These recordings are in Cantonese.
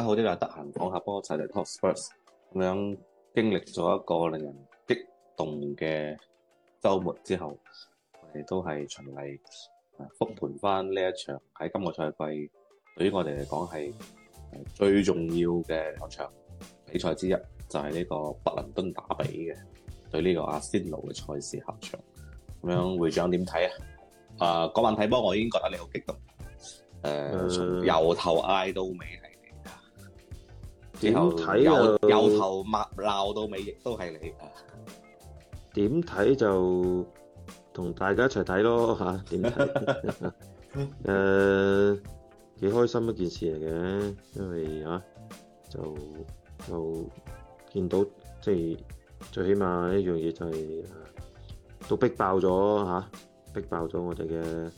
嗯、好啲啦，得閒講一下波，齊嚟 talk sports，咁樣經歷咗一個令人激動嘅周末之後，我哋都係循例復盤翻呢一場喺今個賽季對於我哋嚟講係最重要嘅合場比賽之一，就係、是、呢個北倫敦打比嘅對呢個阿仙奴嘅賽事合場，咁樣會長點睇啊？啊，嗰晚睇波我已經覺得你好激動，誒由頭嗌到尾點睇又由頭抹鬧到尾，亦都係你。點睇就同大家一齊睇咯，吓，點睇？誒 呃，幾開心一件事嚟嘅，因為吓、啊、就就見到即係最起碼一樣嘢就係、是、都逼爆咗吓、啊，逼爆咗我哋嘅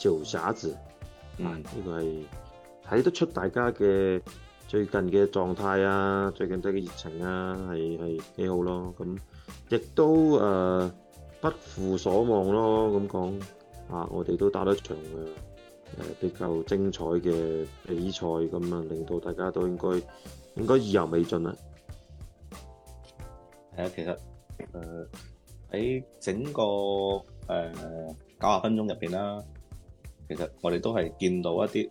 趙傻子。嗯、呢、這個係睇得出大家嘅。最近嘅狀態啊，最近嘅熱情啊，係係幾好咯。咁亦都誒不負所望咯。咁講啊，我哋都打咗場誒比較精彩嘅比賽，咁啊令到大家都應該應該意猶未盡啊。係啊，其實誒喺整個誒九十分鐘入邊啦，其實我哋都係見到一啲，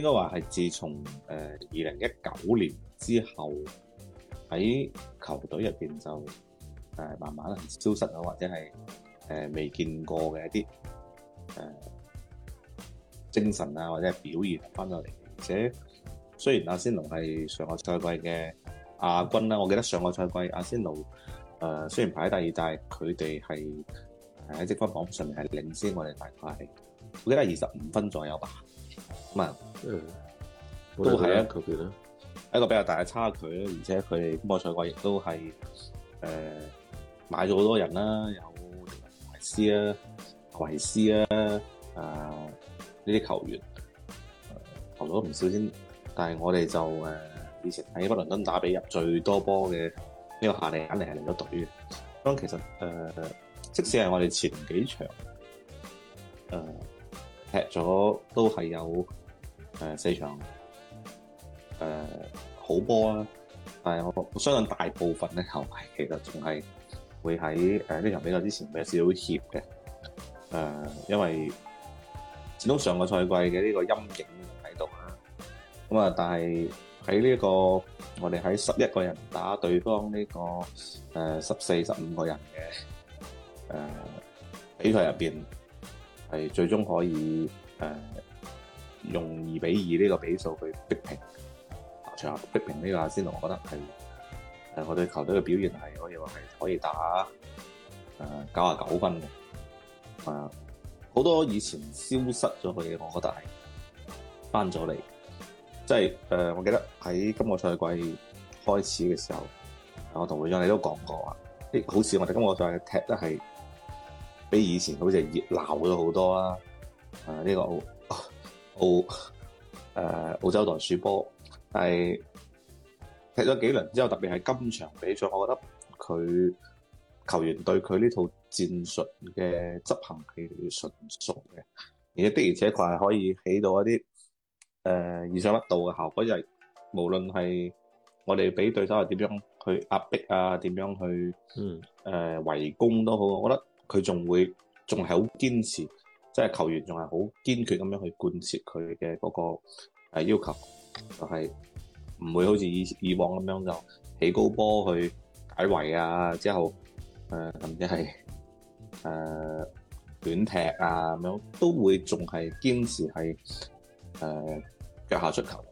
應該話係自從誒二零一九年之後，喺球隊入邊就誒慢慢消失啊，或者係誒未見過嘅一啲誒精神啊，或者係表現翻咗嚟。而且雖然阿仙奴係上個賽季嘅亞軍啦，我記得上個賽季阿仙奴誒、呃、雖然排喺第二大，但係佢哋係喺積分榜上面係領先我哋大概係我記得係二十五分左右吧。唔係，誒，都係啊，區別咧，一個比較大嘅差距咧，而且佢英格蘭賽季亦都係誒、呃、買咗好多人啦，有維斯啊、維斯啊，啊呢啲球員、啊、投咗唔少先，但係我哋就誒、啊、以前喺北倫敦打比入最多波嘅呢個夏利肯定係嚟咗隊嘅，咁其實誒、啊、即使係我哋前幾場誒。啊踢咗都係有誒、呃、四場誒、呃、好波啦，但係我我相信大部分咧球迷其實仲係會喺誒呢場比賽之前會有少少怯嘅誒，因為始終上個賽季嘅呢個陰影喺度啦。咁、呃、啊，但係喺呢個我哋喺十一個人打對方呢、這個誒十四、十、呃、五個人嘅誒比賽入邊。呃係最終可以誒、呃、用二比二呢個比數去逼平，最後逼平呢、個阿仙奴，我覺得係誒我哋球隊嘅表現係可以話係可以打誒九十九分嘅。誒、呃、好多以前消失咗去嘅，我覺得係翻咗嚟。即係誒、呃、我記得喺今個賽季開始嘅時候，我同會長你都講過話、哎，好似我哋今個賽季踢得係。比以前好似熱鬧咗好多啦！啊、呃，呢、這個澳澳誒澳、呃、澳洲袋鼠波，但係踢咗幾輪之後，特別係今場比賽，我覺得佢球員對佢呢套戰術嘅執行係純熟嘅，而且的而且確係可以起到一啲誒意想不到嘅效果。就係無論係我哋俾對手係點樣去壓迫啊，點樣去嗯誒、呃、圍攻都好，我覺得。佢仲會仲係好堅持，即係球員仲係好堅決咁樣去貫徹佢嘅嗰個要求，就係唔會好似以以往咁樣就起高波去解圍啊，之後誒甚至係誒短踢啊咁樣，都會仲係堅持係誒腳下出球，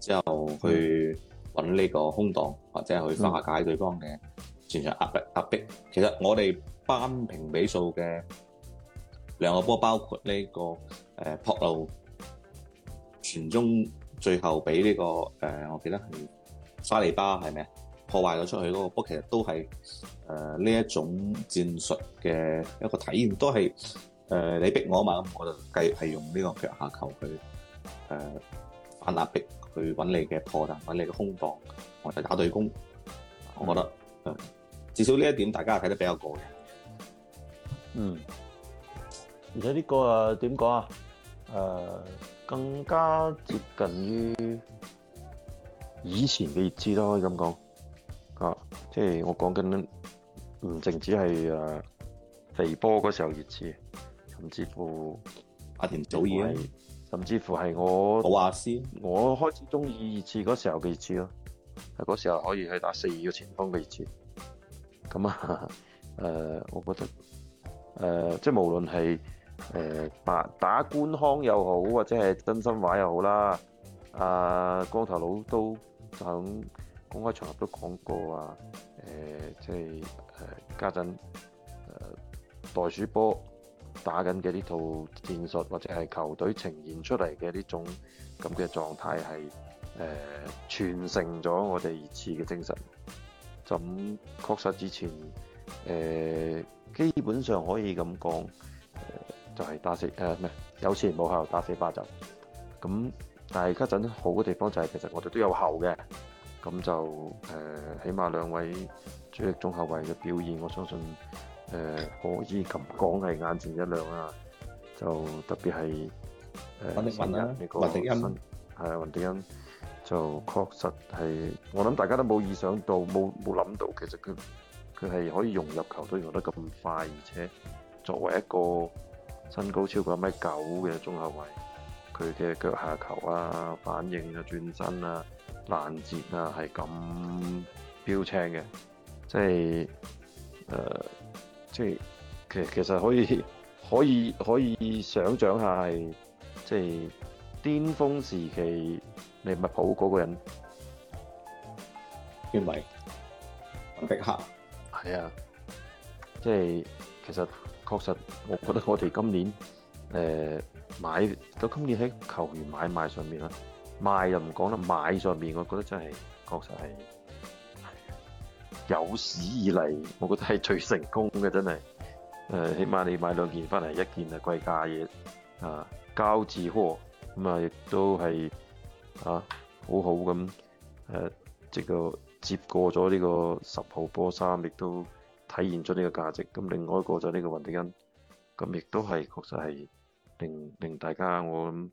之後去揾呢個空檔或者去化解對方嘅。嗯全場壓迫，壓迫。其實我哋扳平比數嘅兩個波，包括呢、這個誒破路傳中，最後俾呢、這個誒、呃，我記得係沙利巴係咪？破壞咗出去嗰個波，其實都係誒呢一種戰術嘅一個體驗，都係誒、呃、你逼我嘛，咁我就計係用呢個腳下球去誒反、呃、壓逼，去揾你嘅破綻，揾你嘅空檔，我就打對攻。我覺得。呃至少呢一點，大家係睇得比較過嘅。嗯，而且呢個啊點講啊？誒、呃，更加接近於以前嘅熱刺咯。可以咁講啊，即係我講緊唔淨止係誒肥波嗰時候熱刺，甚至乎阿田祖爾，甚至乎係我我阿仙，我開始鍾意熱刺嗰時候嘅熱刺咯。係嗰時候可以去打四個前鋒嘅熱刺。咁啊，誒、呃，我覺得誒、呃，即係無論係誒打打官腔又好，或者係真心話又好啦，阿、呃、光頭佬都喺公開場合都講過啊，誒、呃，即係誒，家陣誒袋鼠波打緊嘅呢套戰術，或者係球隊呈現出嚟嘅呢種咁嘅狀態，係誒傳承咗我哋熱刺嘅精神。咁確實之前誒基本上可以咁講，就係打死誒咩，有前冇後，打死罷就咁。但係而家陣好嘅地方就係，其實我哋都有後嘅，咁就誒起碼兩位主力中後衞嘅表現，我相信誒可以咁講係眼前一亮啊！就特別係誒雲迪芬，雲迪芬係雲迪芬。就確實係，我諗大家都冇意想到，冇冇諗到，其實佢佢係可以融入球隊融得咁快，而且作為一個身高超過一米九嘅中後衞，佢嘅腳下球啊、反應啊、轉身啊、攔截啊，係咁標青嘅，即係、呃、即係其實其實可以可以可以想像下係即係。巔峰時期，利物浦嗰個人叫咩？迪克哈，係啊，即係其實確實，我覺得我哋今年誒、呃、買到今年喺球員買賣上面啊，賣又唔講啦，買上面我覺得真係確實係有史以嚟，我覺得係最成功嘅真係誒、呃。起碼你買兩件翻嚟，一件啊貴價嘢啊，膠咁啊，亦都係啊，好好咁誒，即、啊、個接過咗呢個十號波衫，亦都體現咗呢個價值。咁另外一個就呢個雲迪欣，咁亦都係確實係令令大家，我諗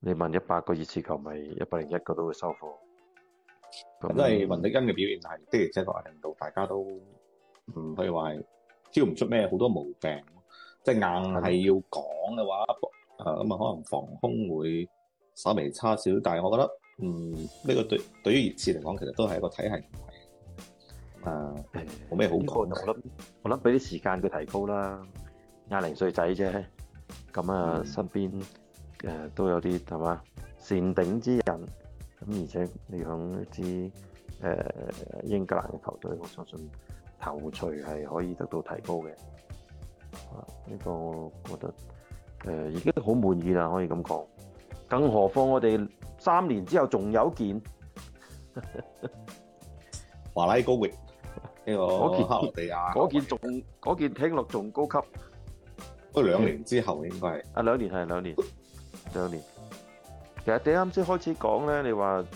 你問一百個熱刺球迷，一百零一個都會收貨。咁都係雲迪欣嘅表現就係，的而且確係令到大家都唔可以話挑唔出咩好多毛病，即係硬係要講嘅話。啊，咁啊，可能防空會稍微差少少，但係我覺得，嗯，呢、這個對對於熱刺嚟講，其實都係一個體系問題，啊、呃，冇咩好講、這個。我諗，我諗俾啲時間佢提高啦，廿零歲仔啫，咁、嗯、啊，身邊誒、呃、都有啲係嘛，善頂之人，咁而且你響一支誒英格蘭嘅球隊，我相信頭鎚係可以得到提高嘅，啊，呢個我覺得。誒、呃，而家都好滿意啦，可以咁講。更何況我哋三年之後仲有件華拉高域呢個柏拉提亞嗰件仲嗰件，件，嗯、件聽落仲高級。不過兩年之後應該係。啊，兩年係兩年，兩年， 兩年。其實你啱先開始講咧，你話誒，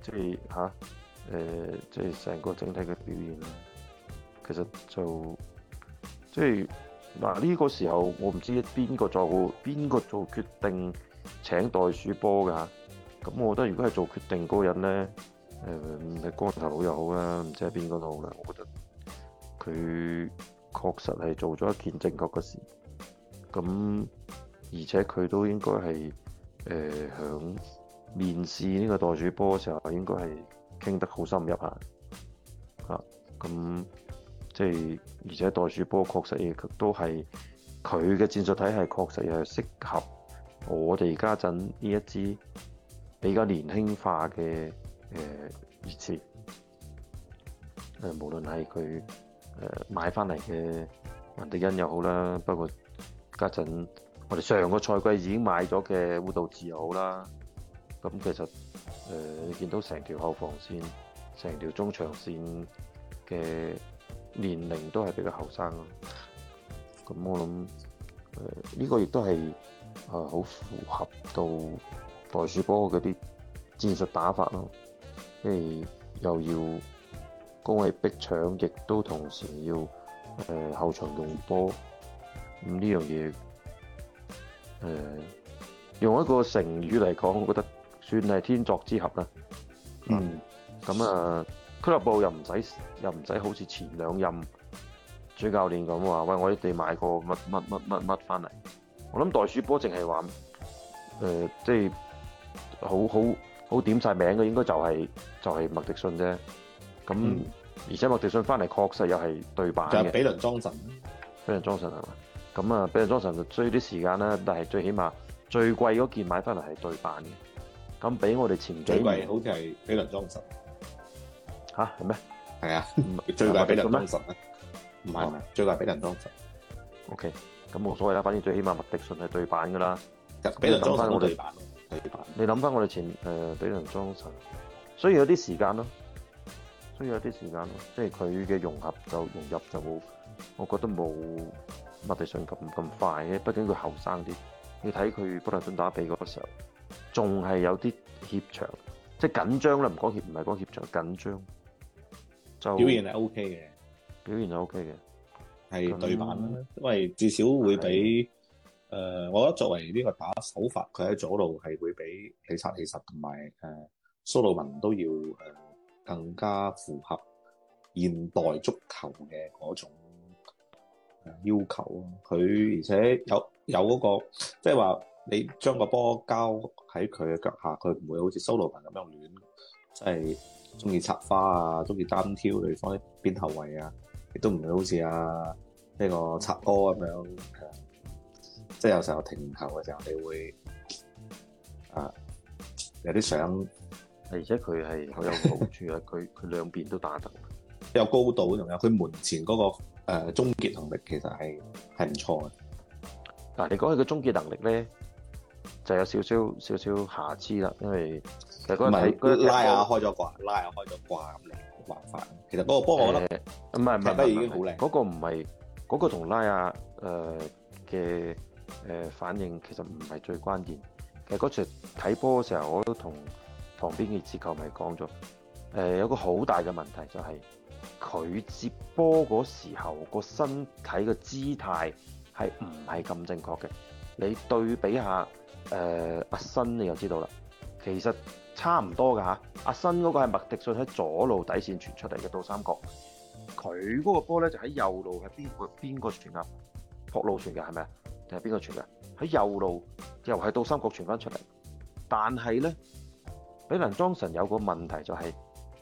即係吓，誒、即係，即係成個整體嘅表現啊，其實就即係。即係嗱呢個時候，我唔知邊個做邊個做決定請袋鼠波㗎。咁我覺得如果係做決定嗰個人咧，誒唔係光頭佬又好啦，唔知係邊個都好啦。我覺得佢確實係做咗一件正確嘅事。咁而且佢都應該係誒響面試呢個袋鼠波嘅時候，應該係傾得好深入下。啊咁。即係而且袋鼠波確實亦都係佢嘅戰術體系，確實又係適合我哋家陣呢一支比較年輕化嘅誒熱刺誒。無論係佢誒買翻嚟嘅雲迪芬又好啦，不過家陣我哋上個賽季已經買咗嘅烏道治又好啦。咁其實誒、呃，你見到成條後防線、成條中場線嘅，年齡都係比較後生咯，咁我諗誒呢個亦都係啊好符合到袋鼠波嗰啲戰術打法咯，跟、呃、住又要高位逼搶，亦都同時要誒、呃、後場用波，咁、嗯、呢樣嘢誒、呃、用一個成語嚟講，我覺得算係天作之合啦。嗯，咁、嗯、啊。俱樂部又唔使又唔使好似前兩任主教練咁話，喂我哋買個乜乜乜乜乜翻嚟，我諗袋鼠波淨係玩，誒、呃、即係好好好點晒名嘅，應該就係、是、就係、是、麥迪遜啫。咁而且麥迪遜翻嚟確實又係對版嘅，就係、是、比倫莊神，比倫莊神係嘛？咁啊比倫莊神需要啲時間啦，但係最起碼最貴嗰件買翻嚟係對版嘅。咁比我哋前幾位，好似係比倫莊神。嚇，係咩？係啊， 最大俾人當神、啊、神。啊！唔係唔係，最大俾人當神。O K，咁冇所謂啦，反正最起碼麥迪遜係對版噶啦，俾人裝翻我對版。對版，你諗翻我哋前誒俾、呃、人裝神，所以有啲時間咯，所以有啲時間咯，即係佢嘅融合就融入就冇，我覺得冇麥迪遜咁咁快嘅，畢竟佢後生啲。你睇佢北倫敦打比嗰個時候，仲係有啲怯場，即係緊張啦，唔講怯，唔係講怯場，緊張。就表現係 O K 嘅，表現係 O K 嘅，係、OK、對版啦、嗯，因為至少會比誒、呃，我覺得作為呢個打手法，佢喺左路係會比李察利臣同埋誒蘇魯文都要誒、呃、更加符合現代足球嘅嗰種、呃、要求咯。佢而且有有嗰、那個即係話，就是、你將個波交喺佢嘅腳下，佢唔會好似蘇魯文咁樣亂，即係。中意插花啊，中意單挑對方啲邊後衞啊，亦都唔會好似啊呢、這個插哥咁樣，呃、即係有時候停球嘅時候，你會啊有啲想，而且佢係好有好處嘅，佢 佢兩邊都打得，有高度，仲有佢門前嗰、那個誒終、呃、結能力其實係係唔錯嘅。嗱、啊，你講佢嘅終結能力咧，就有少少少少瑕疵啦，因為。就係佢拉亞開咗掛，拉亞開咗掛咁樣，冇辦法。其實嗰個波，我覺得唔係唔係，已經好靚。嗰個唔係嗰個同拉亞誒嘅誒反應，其實唔係、那個那個呃呃、最關鍵。其實嗰場睇波嘅時候，我都同旁邊嘅熱球迷講咗誒，有個好大嘅問題就係、是、佢接波嗰時候、那個身體嘅姿態係唔係咁正確嘅？你對比下誒阿、呃、新，你就知道啦。其實。差唔多噶嚇，阿新嗰個係麥迪遜喺左路底線傳出嚟嘅倒三角，佢嗰個波咧就喺右路係邊個邊個傳啊？博路傳嘅係咪啊？定係邊個傳嘅？喺右路又係倒三角傳翻出嚟，但係咧，比林莊臣有個問題就係、是、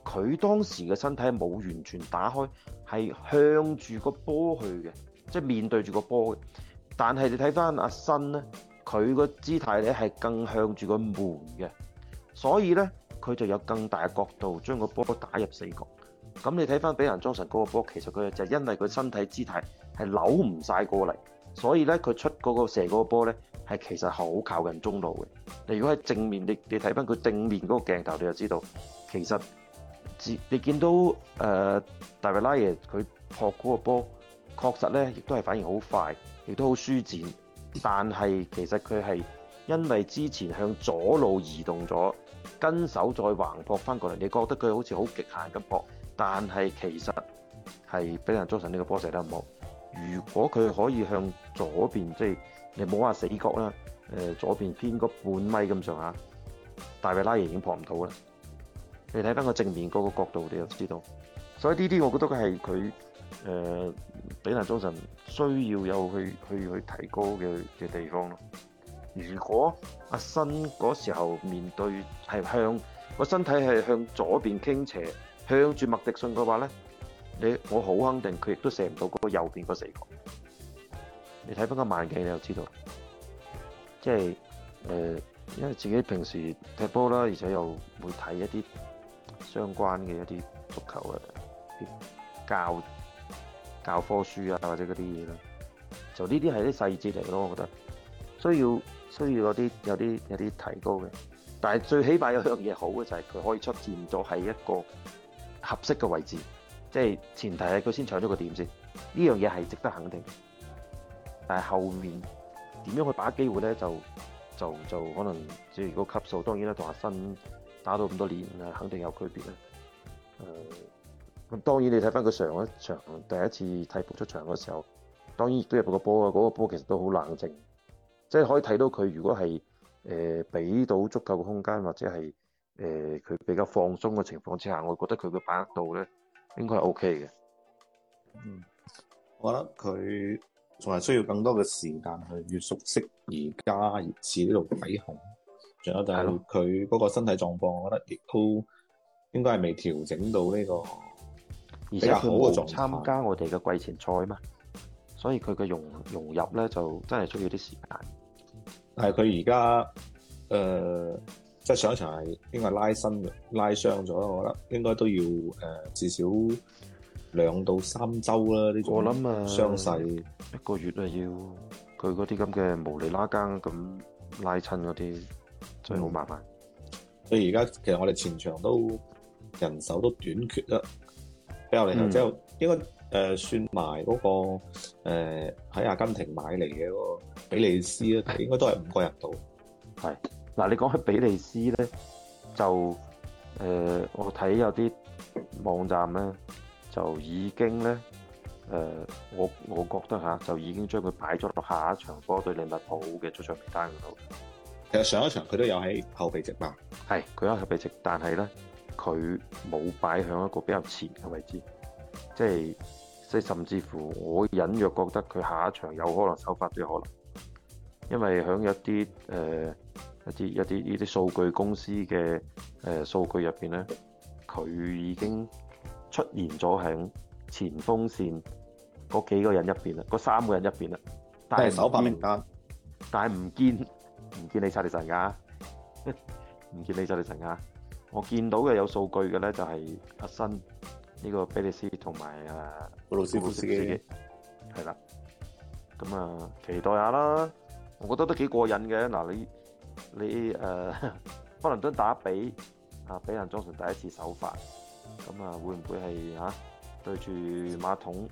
佢當時嘅身體冇完全打開，係向住個波去嘅，即、就、係、是、面對住個波嘅。但係你睇翻阿新咧，佢個姿態咧係更向住個門嘅。所以咧，佢就有更大嘅角度將個波打入死角。咁你睇翻俾人莊臣嗰個波，其實佢就因為佢身體姿態係扭唔晒過嚟，所以咧佢出嗰個射嗰個波咧係其實好靠近中路嘅。你如果喺正面，你你睇翻佢正面嗰個鏡頭，你就知道其實自你見到誒、呃、大衛拉耶佢撲嗰個波，確實咧亦都係反應好快，亦都好舒展。但係其實佢係因為之前向左路移動咗。跟手再橫撲翻過嚟，你覺得佢好似好極限咁撲，但係其實係比利亞佐神呢個波射得唔好。如果佢可以向左邊，即係你唔好話死角啦，左邊偏個半米咁上下，大衞拉爺已經撲唔到啦。你睇翻個正面嗰個角度，你就知道。所以呢啲我覺得佢係佢比利亞佐神需要有去去去提高嘅嘅地方咯。如果阿新嗰時候面對係向個身體係向左邊傾斜，向住麥迪遜嘅話咧，你我好肯定佢亦都射唔到嗰個右邊嗰死角。你睇翻個慢鏡，你又知道，即係誒，因為自己平時踢波啦，而且又會睇一啲相關嘅一啲足球嘅教教科書啊，或者嗰啲嘢啦，就呢啲係啲細節嚟嘅咯，我覺得需要。需要有啲有啲有啲提高嘅，但係最起碼有樣嘢好嘅就係佢可以出現咗喺一個合適嘅位置，即係前提係佢先搶咗個點先，呢樣嘢係值得肯定。但係後面點樣去把握機會咧，就就就可能即係如果級數當然啦，同阿新打到咁多年係肯定有區別啦。誒，咁當然你睇翻佢上一場第一次替補出場嘅時候，當然亦都入過波啊，嗰個波其實都好冷靜。即係可以睇到佢，如果係誒俾到足夠嘅空間，或者係誒佢比較放鬆嘅情況之下，我覺得佢嘅把握度咧應該係 O K 嘅。嗯，我覺得佢仲係需要更多嘅時間去越熟悉而家熱刺呢度比控。仲有就係佢嗰個身體狀況，我覺得亦都應該係未調整到呢個比較好嘅狀態。參加我哋嘅季前賽嘛？所以佢嘅融融入咧就真係需要啲時間。但係佢而家，誒、呃，即、就、係、是、上一場係應該係拉伸、拉傷咗，我覺得應該都要誒、呃、至少兩到三周啦。呢種我諗啊，傷勢一個月啊要佢嗰啲咁嘅無厘拉更咁拉親嗰啲，真係好麻煩。所以而家其實我哋前場都人手都短缺啦，比較嚟之後、嗯、應該。誒算埋嗰，那個喺、呃、阿根廷買嚟嘅嗰個比利斯啊，應該都係五個人度。係嗱，啊。你講起比利斯咧，就誒、呃、我睇有啲網站咧，就已經咧誒、呃、我我覺得嚇，就已經將佢擺咗落下一場波對利物浦嘅出場名單嗰度。其實上一場佢都有喺後備席嘛，係佢喺後備席，但係咧佢冇擺喺一個比較前嘅位置，即係。即係甚至乎，我隱約覺得佢下一場有可能首發都有可能，因為喺一啲誒、呃、一啲一啲呢啲數據公司嘅誒、呃、數據入邊咧，佢已經出現咗喺前鋒線嗰幾個人入邊啦，嗰三個人入邊啦，但係首發名單，但係唔見唔見你查力神噶，唔見你查力神啊！我見到嘅有數據嘅咧就係阿新。呢個比利斯同埋啊，布魯斯布斯機，係啦。咁啊，期待下啦。我覺得都幾過癮嘅。嗱，你你誒，北倫敦打吡啊，俾人裝成第一次手法，咁啊，會唔會係嚇對住馬桶，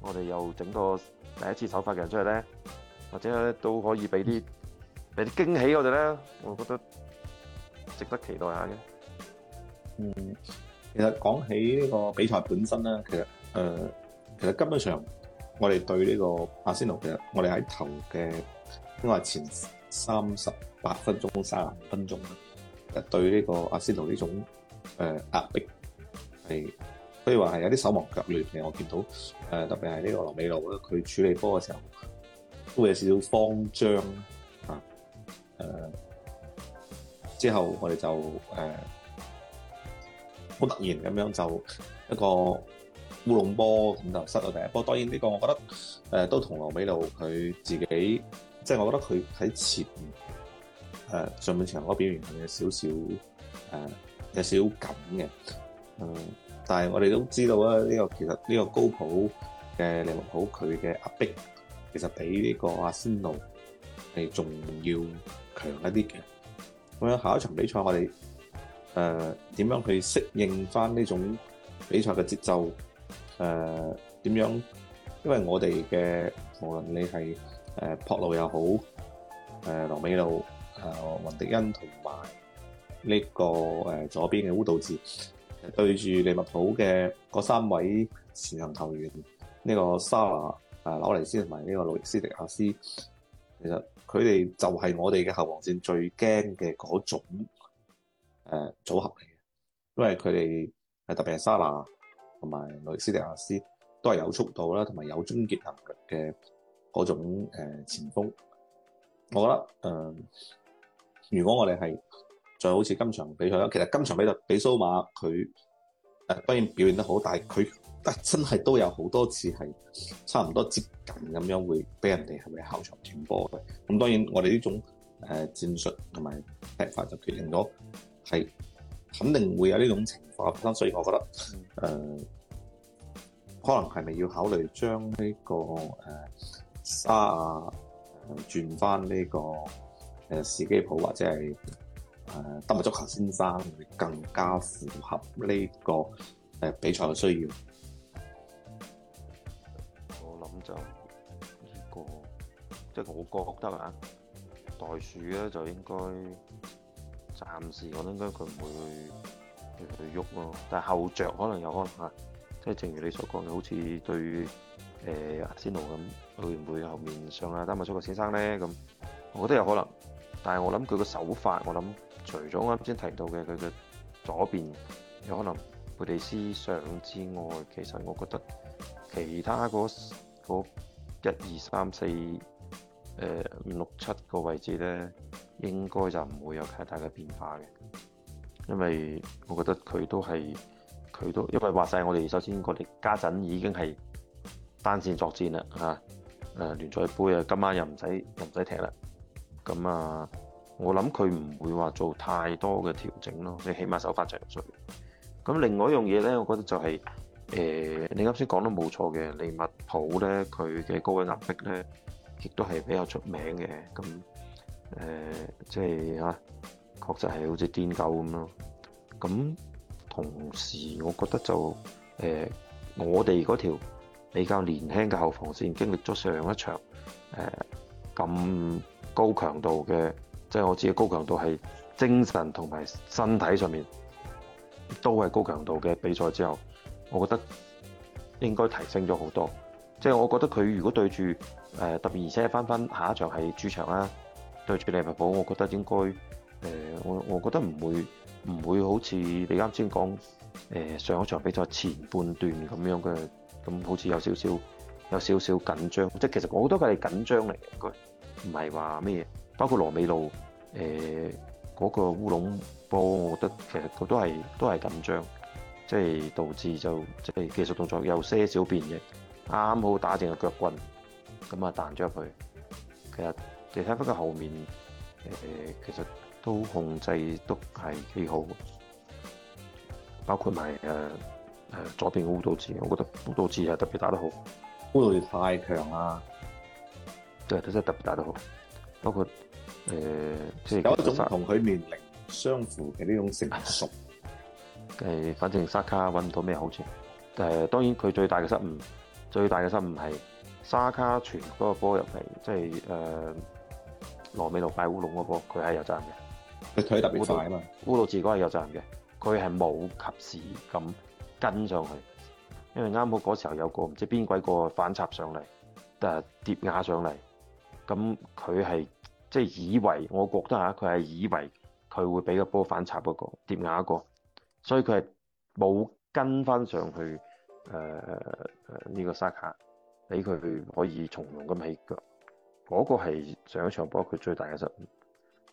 我哋又整個第一次手法嘅人出嚟咧？或者咧都可以俾啲俾啲驚喜我哋咧。我覺得值得期待下嘅。嗯。其實講起呢個比賽本身咧，其實誒、呃，其實根本上我哋對呢個阿仙奴其，其實我哋喺頭嘅應該係前三十八分鐘、卅零分鐘咧，對呢個阿仙奴呢種誒、呃、壓迫，係可以話係有啲手忙腳亂嘅。我見到誒、呃，特別係呢個羅美露咧，佢處理波嘅時候都會有少少慌張啊。誒、呃，之後我哋就誒。呃好突然咁樣就一個烏龍波，咁就失咗第一波。當然呢個，我覺得誒都、呃、同羅美露佢自己，即係我覺得佢喺前誒、呃、上半場嗰表現係有少少誒有少少緊嘅。誒、呃，但係我哋都知道咧，呢、呢個其實呢個高普嘅利物浦佢嘅壓迫其實比呢個阿仙奴係仲要強一啲嘅。咁樣下一場比賽，我哋。誒、呃、點樣去適應翻呢種比賽嘅節奏？誒、呃、點樣？因為我哋嘅無論你係誒朴路又好，誒、呃、羅美路、誒、呃、雲迪恩同埋呢個、呃、左邊嘅烏道治、呃，對住利物浦嘅嗰三位前行球員，呢、這個沙拿、呃、誒紐尼斯同埋呢個路易斯迪亞斯，其實佢哋就係我哋嘅後防線最驚嘅嗰種。誒，組合嚟嘅，因為佢哋係特別係沙拿同埋路易斯迪亞斯都係有速度啦，同埋有，有終結能力嘅嗰種誒前鋒。我覺得誒、呃，如果我哋係再好似今場比賽啦，其實今場比賽比蘇馬佢誒，當然表現得好，但係佢真係都有好多次係差唔多接近咁樣會俾人哋係咪後場填波嘅。咁當然我哋呢種誒戰術同埋踢法就決定咗。係肯定會有呢種情況，所以我覺得誒、呃，可能係咪要考慮將呢、這個誒、呃、沙誒轉翻呢、這個誒士基普或者係誒丹麥足球先生，更加符合呢、這個誒、呃、比賽嘅需要。我諗就呢、這個，即、就、係、是、我覺得啊，袋鼠咧就應該。暫時我諗應該佢唔會去喐咯，但後着可能有可能嚇，即係正如你所講，好似對誒阿仙奴咁，欸、佢會唔會後面上啊丹麥出個先生咧咁？我覺得有可能，但係我諗佢個手法，我諗除咗啱先提到嘅佢嘅左邊有可能佩利斯上之外，其實我覺得其他嗰一二三四。誒五六七個位置咧，應該就唔會有太大嘅變化嘅，因為我覺得佢都係佢都，因為話晒，我哋首先我哋家陣已經係單線作戰啦，嚇、啊、誒、啊、聯賽杯啊，今晚又唔使又唔使踢啦，咁啊，我諗佢唔會話做太多嘅調整咯，你起碼手法就係咁。咁另外一樣嘢咧，我覺得就係、是、誒、呃、你啱先講得冇錯嘅利物浦咧，佢嘅高位壓迫咧。亦都係比較出名嘅。咁誒即係吓確實係好似癲狗咁咯。咁同時我覺得就誒、呃、我哋嗰條比較年輕嘅後防線經歷咗上一場誒咁、呃、高強度嘅，即係我自己高強度係精神同埋身體上面都係高強度嘅比賽之後，我覺得應該提升咗好多。即係我覺得佢如果對住誒、呃、特別，而且翻翻下一場係主場啦，對住利物浦，我覺得應該誒、呃，我我覺得唔會唔會好似你啱先講誒上一場比賽前半段咁樣嘅，咁好似有少少有少少緊張，即係其實我覺得佢係緊張嚟嘅，佢唔係話咩，包括羅美路誒嗰個烏龍波，我覺得其實佢都係都係緊張，即係導致就即係技術動作有些少變嘅。啱好打正個腳棍，咁啊彈咗入去。其實你睇返佢後面、呃，其實都控制都係幾好，包括埋誒誒左邊的烏度志，我覺得烏度志係特別打得好，烏度志太強啦，對，真係特別打得好。包括呃、就是、他有一種同佢年齡相符嘅呢種成熟。反正沙卡揾唔到咩好處。誒，當然佢最大嘅失誤。最大嘅失誤係沙卡傳嗰個波入嚟，即係誒、呃、羅美路擺烏龍個波，佢係有責任嘅。佢腿特別大啊嘛！烏魯治哥係有責任嘅，佢係冇及時咁跟上去，因為啱好嗰時候有個唔知邊鬼個反插上嚟，誒、呃、疊瓦上嚟，咁佢係即係以為，我覺得嚇佢係以為佢會俾個波反插嗰個疊瓦個，所以佢係冇跟翻上去。誒誒呢個沙卡俾佢可以從容咁起腳，嗰、那個係上一場波佢最大嘅失誤。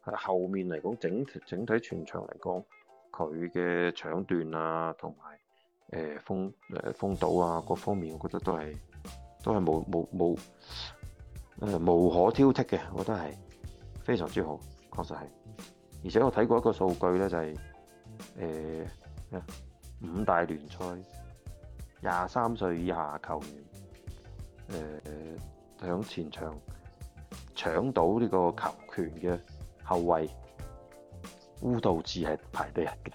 喺、呃、後面嚟講，整整體全場嚟講，佢嘅搶斷啊，同埋誒封誒封堵啊，各方面我覺得都係都係冇冇冇誒無可挑剔嘅，我覺得係非常之好，確實係。而且我睇過一個數據咧，就係、是、誒、呃、五大聯賽，廿三歲以下球員，誒、呃、響前場搶到呢個球權嘅後衞烏度治係排第一嘅，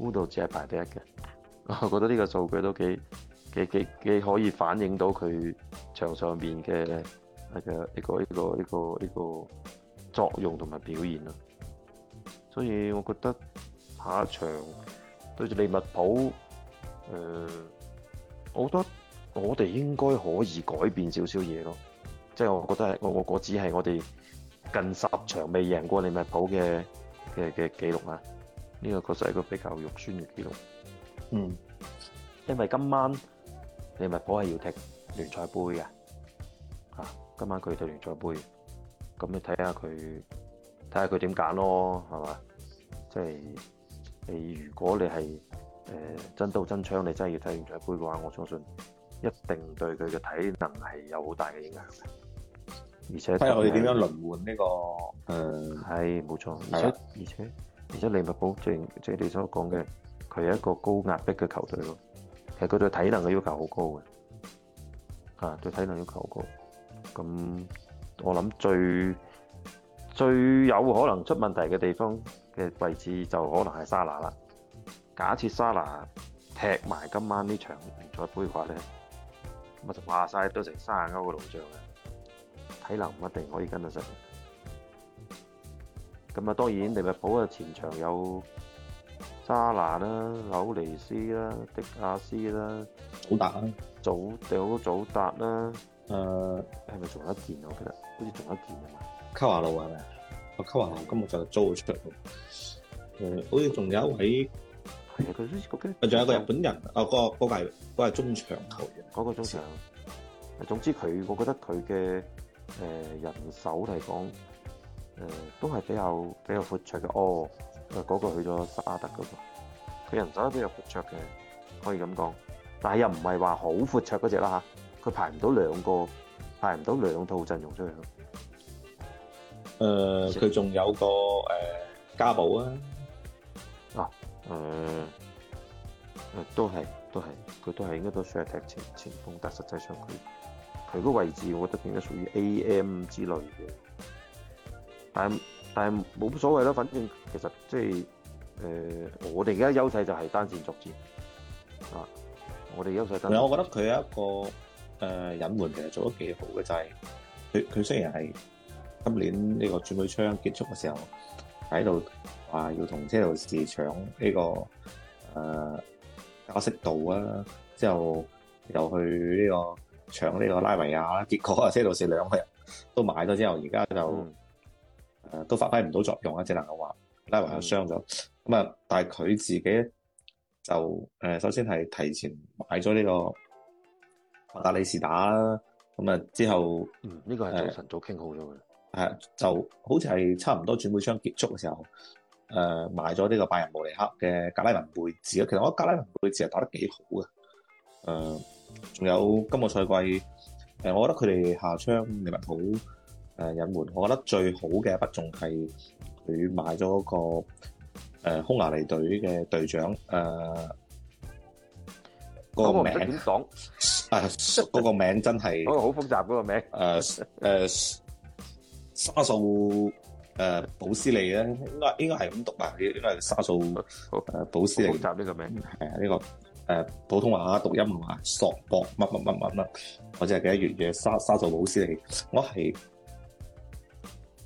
烏度治係排第一嘅。我覺得呢個數據都幾幾幾幾可以反映到佢場上邊嘅一個一、這個一、這個一、這個這個作用同埋表現咯。所以，我覺得下一場對住利物浦。誒、呃，我覺得我哋應該可以改變少少嘢咯，即係我覺得我我只係我哋近十場未贏過利物浦嘅嘅嘅記錄啊，呢、呢個確實係一個比較肉酸嘅記錄。嗯，因為今晚利物浦係要踢聯賽杯嘅，啊，今晚佢就聯賽杯，咁你睇下佢睇下佢點揀咯，係嘛？即係你如果你係。誒，真刀真槍，你真係要睇完最後一杯嘅話，我相信一定對佢嘅體能係有好大嘅影響。而且睇下我哋點樣輪換呢個誒，係冇錯。而且而且而且利物浦正如即係你所講嘅，佢係一個高壓迫嘅球隊咯，其實佢對體能嘅要求好高嘅，吓、啊、對體能要求好高。咁我諗最最有可能出問題嘅地方嘅位置就可能係沙拿啦。假設沙拿踢埋今晚呢場聯賽杯嘅話呢，咁就話晒都成卅歐嘅老將啊！睇嚟唔一定可以跟得上。咁啊當然利物浦啊前場有沙拿啦、紐尼斯啦、迪亞斯啦、祖達啦、祖仲祖，祖達啦。誒係咪仲有一件？我記得好似仲有一件啊嘛。卡華路係咪啊？卡華路今日就租咗出嚟。誒、呃、好似仲有一位。其佢仲有一個日本人，哦、嗰個、嗰個係、嗰個係中場球員，嗰、嗰個中場。總之佢，我覺得佢嘅誒人手嚟講，誒、呃、都係比較比較闊綽嘅。哦，誒、那、嗰個去咗沙德嗰佢人手都比較闊綽嘅，可以咁講。但係又唔係話好闊綽嗰隻啦嚇，佢、啊、排唔到兩個，排唔到兩套陣容出去。誒、呃，佢仲有個誒加寶啊。誒、嗯、誒、嗯、都係都係，佢都係應該都算係踢前前鋒，但實際上佢佢個位置，我覺得應該屬於 AM 之類嘅。但但係冇乜所謂啦，反正其實即係誒，我哋而家優勢就係單線作戰。啊！我哋優勢。但係我覺得佢一個誒隱瞞其實做得幾好嘅，就係佢佢雖然係今年呢個轉會窗結束嘅時候，喺度話要同車路士搶呢、這個誒加息度啊，之後又去呢個搶呢個拉維亞，嗯、結果啊車路士兩個人都買咗之後，而家就誒、嗯呃、都發揮唔到作用啊，只能夠話拉維亞傷咗。咁、嗯、啊，但係佢自己就、呃、首先係提前買咗呢個達里士打，咁啊之後嗯呢、這個係早晨早傾好咗嘅。誒就好似係差唔多轉會窗結束嘅時候，誒買咗呢個拜仁慕尼黑嘅格拉文貝治啊！其實我覺得格拉文貝治係打得幾好嘅。誒，仲有今個賽季，誒，我覺得佢哋下槍利物浦誒隱瞞。我覺得最好嘅一筆仲係佢買咗個誒匈牙利隊嘅隊長誒嗰個名啊！嗰個名真係嗰個好複雜嗰個名誒誒，沙數誒保斯利咧，應該應該係咁讀吧？應該係沙數誒保斯利。好，答呢個名。係啊，呢個誒普通話讀音話索博乜乜乜乜乜，或者係幾多粵語？沙沙數保斯利，我係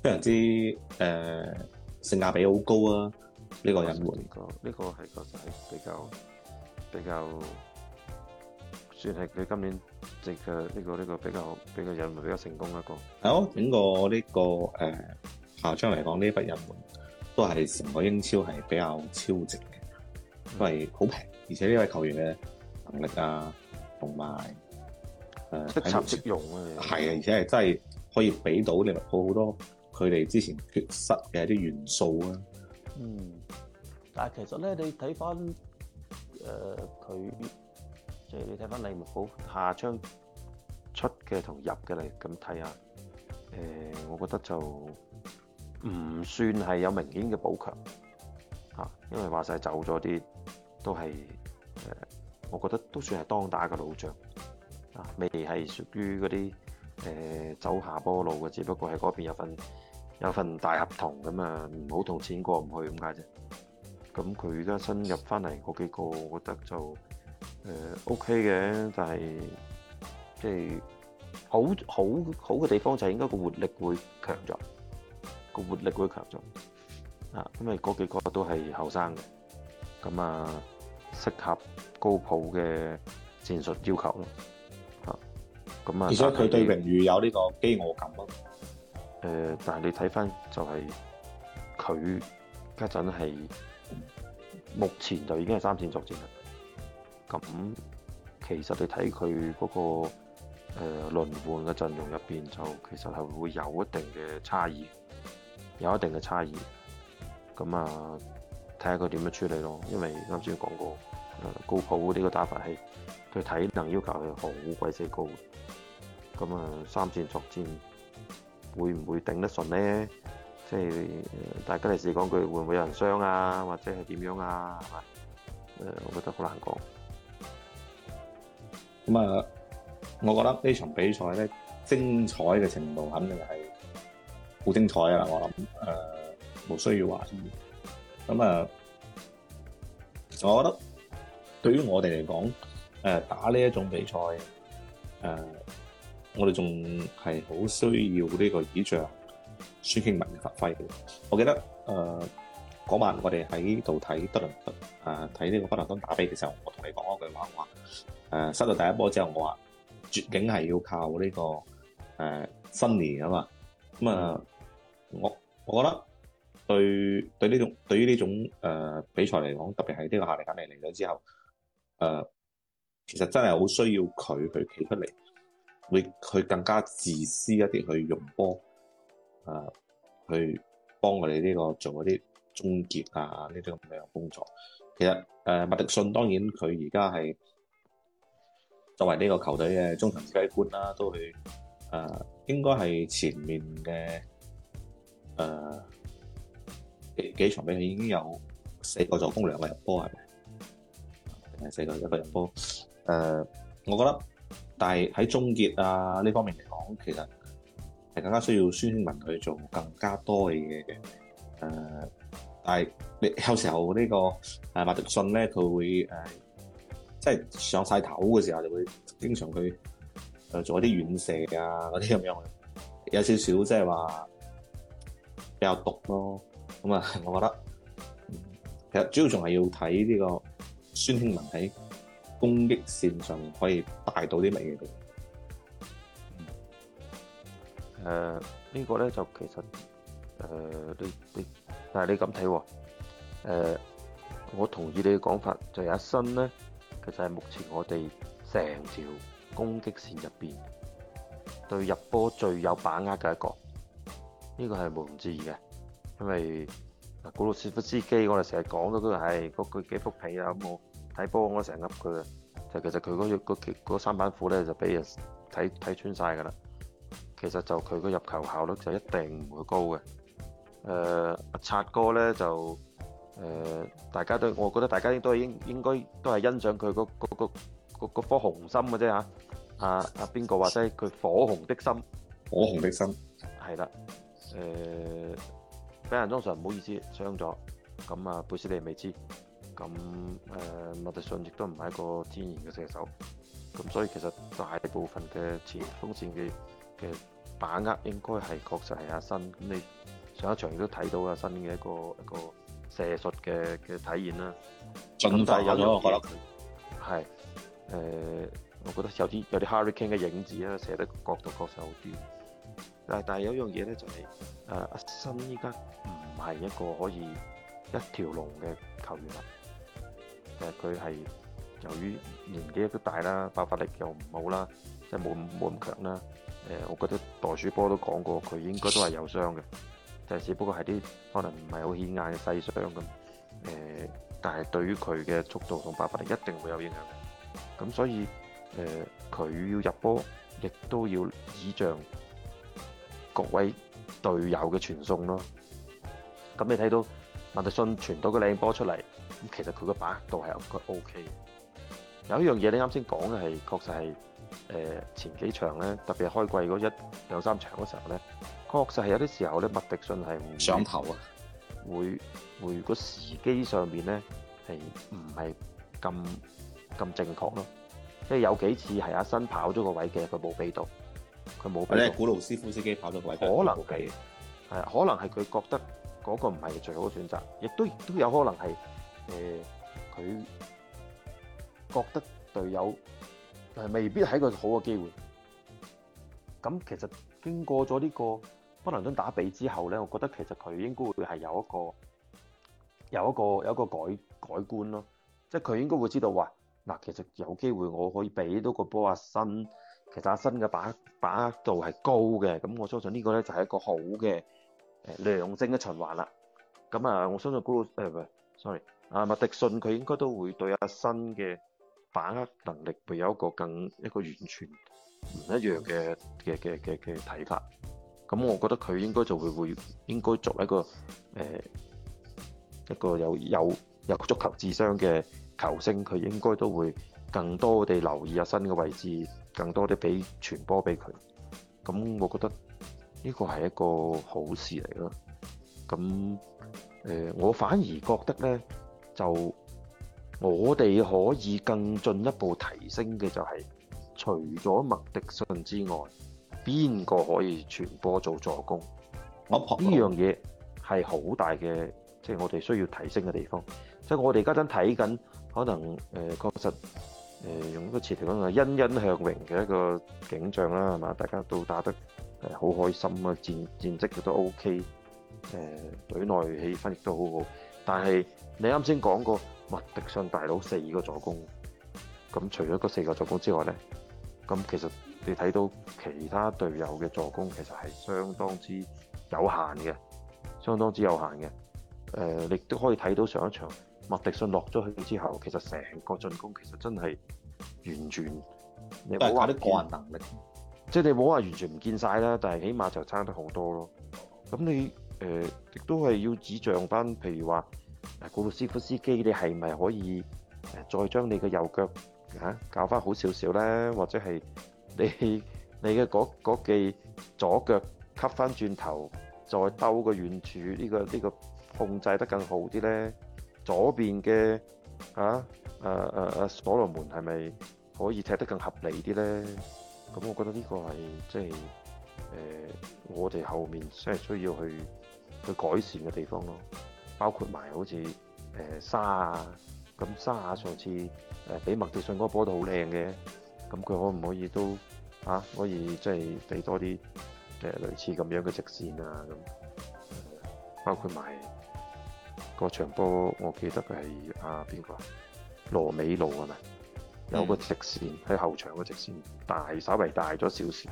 非常之誒性價比好高啊！呢個入門，呢個呢個係確實係比較比較算係佢今年。即係呢個呢、這個這個比較比較引援比較成功一個。係、嗯、咯，整個呢、這個誒夏窗嚟講呢筆引援都係成個英超係比較超值嘅、嗯，都係好平，而且呢位球員嘅能力啊同埋誒即插即用啊，係、嗯呃、啊，而且係真係可以俾到你好多佢哋之前缺失嘅一啲元素啊。嗯，但係其實咧你睇翻誒佢，呃即係你睇翻利物浦下場出嘅同入嘅嚟咁睇下，誒、呃，我覺得就唔算係有明顯嘅補強嚇、啊，因為話晒走咗啲都係誒、呃，我覺得都算係當打嘅老將啊，未係屬於嗰啲誒走下坡路嘅，只不過係嗰邊有份有份大合同咁啊，唔好同錢過唔去咁解啫。咁佢而家新入翻嚟嗰幾個，我覺得就～誒、嗯、OK 嘅，就係即係好好好嘅地方就係應該個活力會強咗，個活力會強咗啊，因為嗰幾個都係後生嘅，咁啊適合高普嘅戰術要求咯，啊、嗯，咁、嗯、啊，而且佢對榮譽有呢個飢餓感咯，誒、嗯嗯，但係你睇翻就係佢家陣係目前就已經係三線作戰啦。咁其實你睇佢嗰個誒、呃、輪換嘅陣容入邊，就其實係會有一定嘅差異，有一定嘅差異。咁啊，睇下佢點樣處理咯。因為啱先講過，誒、呃、高普呢個打法係對體能要求係好鬼死高。咁啊、呃，三戰作戰會唔會頂得順咧？即係大吉利是講句，會唔會有人傷啊？或者係點樣啊？係嘛？誒，我覺得好難講。咁、嗯、啊，我覺得呢場比賽咧，精彩嘅程度肯定係好精彩啊！我諗誒、呃，冇需要懷疑。咁、嗯、啊、嗯，我覺得對於我哋嚟講，誒、呃、打呢一種比賽，誒、呃、我哋仲係好需要呢個倚仗孫興文嘅發揮嘅。我記得誒、呃嗰晚我哋喺度睇德林，誒睇呢個北倫敦打比嘅時候，我同你講一句話，我話誒，失、啊、到第一波之後，我話絕境係要靠呢、這個誒、啊、孫隊啊嘛。咁啊，嗯嗯、我我覺得對對呢種對於呢種誒、呃、比賽嚟講，特別係呢個夏利簡尼嚟咗之後，誒、呃、其實真係好需要佢去企出嚟，會佢更加自私一啲去用波誒、呃、去幫我哋呢個做一啲。終結啊！呢啲咁樣工作，其實誒，麥迪遜當然佢而家係作為呢個球隊嘅中場指揮官啦，都去誒，應該係前面嘅誒幾幾場比賽已經有四個助攻，兩個入波係咪？誒，四個一個入波。誒，我覺得但係喺終結啊呢方面嚟講，其實係更加需要孫興文去做更加多嘅嘢嘅誒。但係你有時候呢、這個誒德迪麥迪遜呢，咧，佢、嗯、會即係上晒頭嘅時候就會經常佢、呃、做啲遠射呀嗰啲咁樣，有少少即係話比較毒咯。咁、嗯、啊，我覺得、嗯、其實主要仲係要睇呢個孫興文喺攻擊線上可以帶到啲乜嘢嘅。誒、呃、呢、這個呢就其實。誒、呃，你你但係你咁睇喎？誒、呃，我同意你嘅講法，就有一新咧，其實係目前我哋成條攻擊線入邊對入波最有把握嘅一個。呢、這個係毋容置疑嘅，因為古魯斯夫斯基我哋成日講都都係嗰句幾幅皮啊，咁我睇波，我成日噏佢嘅，就是、其實佢嗰三板斧咧就俾人睇睇穿晒噶啦。其實就佢個入球效率就一定唔會高嘅。誒，阿賊哥咧就，誒，大家都我覺得大家都應應該都係欣賞佢嗰嗰個嗰嗰顆紅心嘅啫嚇。阿阿邊個話齋佢火紅的心，火紅的心係啦。誒，俾人通常唔好意思傷咗。咁啊貝斯利未知。咁，誒，麥迪遜亦都唔係一個天然嘅射手。咁所以其實大部份嘅前鋒線嘅嘅把握應該係確實係阿新，咁你。上一場亦都睇到阿新嘅一個一個射術嘅嘅體現啦，進有咗，我覺得佢係誒，我覺得有啲有啲 Hurricane 嘅影子啦，射得角度確實好短。但係但係有樣嘢咧，就係、是、誒、啊、阿森。依家唔係一個可以一條龍嘅球員啦。誒、嗯，佢、啊、係由於年紀都大啦，爆發力又唔好啦，即係冇冇咁強啦。誒、啊，我覺得袋鼠波都講過，佢應該都係有傷嘅。 誒，只不過係啲可能唔係好顯眼嘅細傷咁，誒，但係對於佢嘅速度同爆發力一定會有影響嘅。咁所以誒，佢要入波，亦都要倚仗各位隊友嘅傳送咯。咁你睇到麥迪遜傳到個靚波出嚟，咁其實佢個把握度係一個 OK 嘅。有一樣嘢你啱先講嘅係，確實係誒前幾場咧，特別係開季嗰一兩三場嘅時候咧。確實係有啲時候咧，麥迪遜係唔上頭啊，會會個時機上面咧係唔係咁咁正確咯？即係有幾次係阿新跑咗個位嘅，佢冇俾到，佢冇俾到。咧，古魯斯夫斯基跑咗個位，可能係誒，可能係佢覺得嗰個唔係最好嘅選擇，亦都亦都有可能係誒佢覺得隊友係未必係一個好嘅機會。咁其實經過咗呢個北倫敦打比之後咧，我覺得其實佢應該會係有一個有一個有一個改改觀咯，即係佢應該會知道話嗱，其實有機會我可以俾到個波啊新，其實阿新嘅把握把握度係高嘅，咁我相信這個呢個咧就係、是、一個好嘅誒良性嘅循環啦。咁啊，我相信古魯誒唔係，sorry，阿、啊、麥迪遜佢應該都會對阿新嘅把握能力會有一個更一個完全唔一樣嘅嘅嘅嘅嘅睇法。咁我覺得佢應該就會會應該作為一個誒、呃、一個有有有足球智商嘅球星，佢應該都會更多地留意下新嘅位置，更多地俾傳波俾佢。咁我覺得呢個係一個好事嚟咯。咁誒、呃，我反而覺得咧，就我哋可以更進一步提升嘅就係、是，除咗麥迪遜之外。邊個可以傳波做助攻？嗯，這是很的就是、我呢樣嘢係好大嘅，即係我哋需要提升嘅地方。即、就、係、是、我哋而家真睇緊，可能誒、呃、確實誒、呃、用個詞條講係欣欣向榮嘅一個景象啦，係嘛？大家都打得誒好開心啊，戰戰績亦都 OK，誒隊內氣氛亦都好好。但係你啱先講過麥迪遜大佬四個助攻，咁除咗嗰四個助攻之外咧，咁其實。你睇到其他隊友嘅助攻其實係相當之有限嘅，相當之有限嘅。誒、呃，你都可以睇到上一場麥迪遜落咗去之後，其實成個進攻其實真係完全你冇話啲個人能力，即係、就是、你冇話完全唔見晒啦。但係起碼就差得好多咯。咁你誒亦、呃、都係要指仗翻，譬如話古魯斯夫斯基，你係咪可以再將你嘅右腳嚇搞翻好少少咧，或者係？你你嘅嗰嗰記左腳吸翻轉頭，再兜個遠處呢、呢個呢、呢個控制得更好啲咧？左邊嘅啊啊啊所羅門係咪可以踢得更合理啲咧？咁我覺得呢個係即係誒我哋後面即係需要去去改善嘅地方咯，包括埋好似誒、呃、沙啊，咁沙啊上次誒俾麥迪信嗰波都好靚嘅。咁佢可唔可以都嚇、啊、可以即係俾多啲誒類似咁樣嘅直線啊咁，包括埋嗰場波，我記得佢係啊，邊個啊羅美路係咪有個直線喺、嗯、後場嘅直線大稍微大咗少少，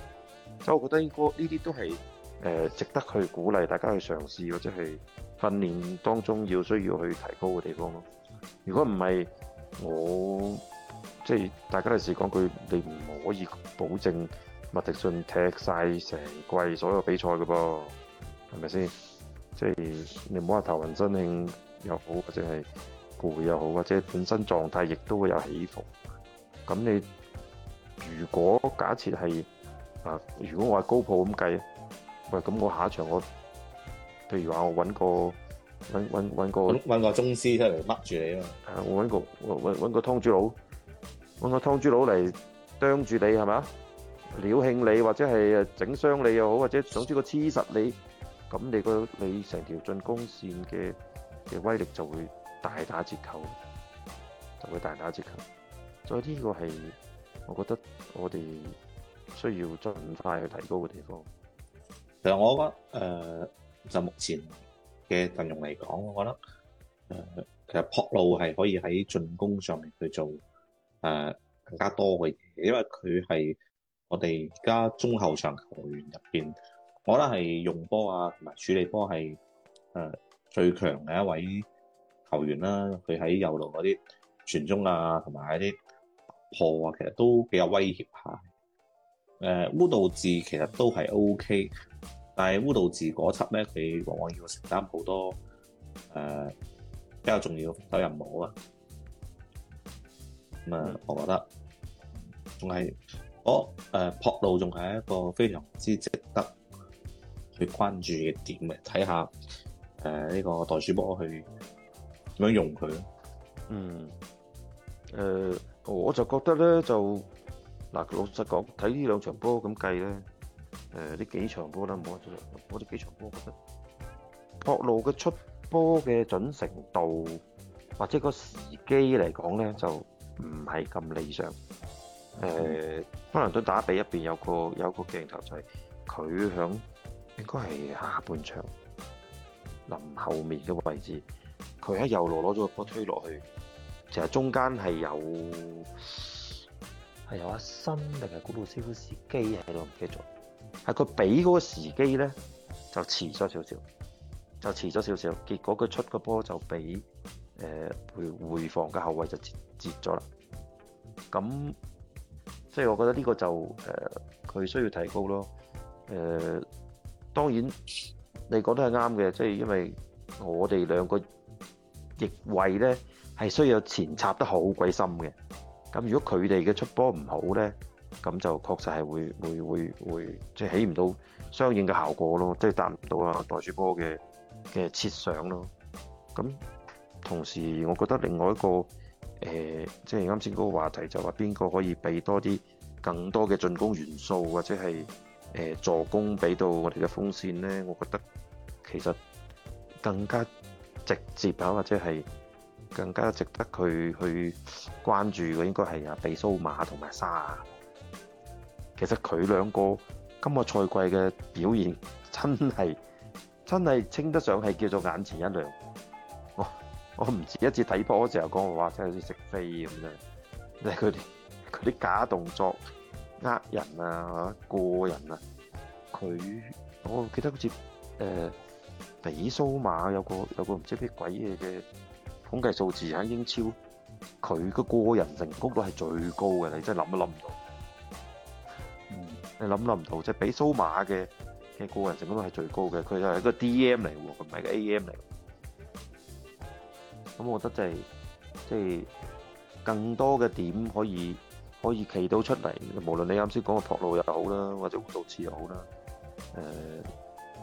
所以我覺得應該呢啲都係誒、呃、值得去鼓勵大家去嘗試或者係訓練當中要需要去提高嘅地方咯。如果唔係我。即係大家都是講句，你唔可以保證麥迪遜踢晒成季所有比賽嘅噃，係咪先？即係你唔好話頭暈身慶又好，或者係攰，又好，或者本身狀態亦都會有起伏。咁你如果假設係啊，如果我係高普咁計，喂，咁我下一場我譬如話我搵個搵搵搵個搵個宗師出嚟 mark 住你啊嘛，誒，搵個搵搵搵個湯主佬。我個湯豬佬嚟啄住你係咪啊？撩興你或者係誒整傷你又好，或者總之個黐實你，咁你個你成條進攻線嘅嘅威力就會大打折扣，就會大打折扣。所以呢個係我覺得我哋需要盡快去提高嘅地方。其實我覺得誒、呃、就目前嘅陣容嚟講，我覺得誒、呃、其實撲路係可以喺進攻上面去做。誒、呃，更加多嘅嘢，因為佢係我哋而家中後場球員入邊，我覺得係用波啊同埋處理波係誒最強嘅一位球員啦、啊。佢喺右路嗰啲傳中啊，同埋一啲破啊，其實都比較威脅下。誒、呃，烏道治其實都係 O K，但係烏道治嗰輯咧，佢往往要承擔好多誒、呃、比較重要嘅防守任務啊。咁啊，我覺得仲係我誒朴路，仲係一個非常之值得去關注嘅點嚟睇下誒呢個袋鼠波去點樣用佢咯。嗯，誒，我就覺得咧，就嗱，老實講，睇呢兩場波咁計咧，誒，呢幾場波啦，冇啊，出咗攞咗幾場波，覺得朴路嘅出波嘅準成度或者個時機嚟講咧，就，唔係咁理想，誒、嗯，可能都打俾一邊有個有個鏡頭就係佢響應該係下半場臨後面嘅位置，佢喺右路攞咗個波推落去，其實中間係有係有阿森定係古魯斯夫士機喺度唔記得咗，係佢俾嗰個時機咧就遲咗少少，就遲咗少少，結果佢出個波就俾。誒回回防嘅後衞就截截咗啦，咁即係我覺得呢個就誒佢、呃、需要提高咯。誒、呃、當然你講得係啱嘅，即、就、係、是、因為我哋兩個翼位咧係需要前插得好鬼深嘅。咁如果佢哋嘅出波唔好咧，咁就確實係會會會會即係起唔到相應嘅效果咯，即係達唔到啊袋鼠波嘅嘅設想咯。咁同時，我覺得另外一個誒、呃，即係啱先嗰個話題，就話邊個可以俾多啲更多嘅進攻元素，或者係誒、呃、助攻俾到我哋嘅風扇咧？我覺得其實更加直接啊，或者係更加值得佢去，去關注嘅，應該係阿比蘇馬同埋沙。其實佢兩個今個賽季嘅表現真係真係稱得上係叫做眼前一亮。我唔知一次睇波嗰時候講話哇，真係好似識飛咁樣！即係佢啲佢啲假動作呃人啊，嚇過人啊，佢我記得好似誒比蘇馬有個有個唔知咩鬼嘢嘅統計數字喺英超，佢個過人成功率係最高嘅，你真係諗都諗唔到。嗯，你諗諗唔到，即係比蘇馬嘅嘅過人成功率係最高嘅，佢係一個 DM 嚟喎，唔係個 AM 嚟。咁我覺得就係、是，即、就、係、是、更多嘅點可以可以企到出嚟。無論你啱先講嘅拓路又好啦，或者活到錢又好啦，誒、呃、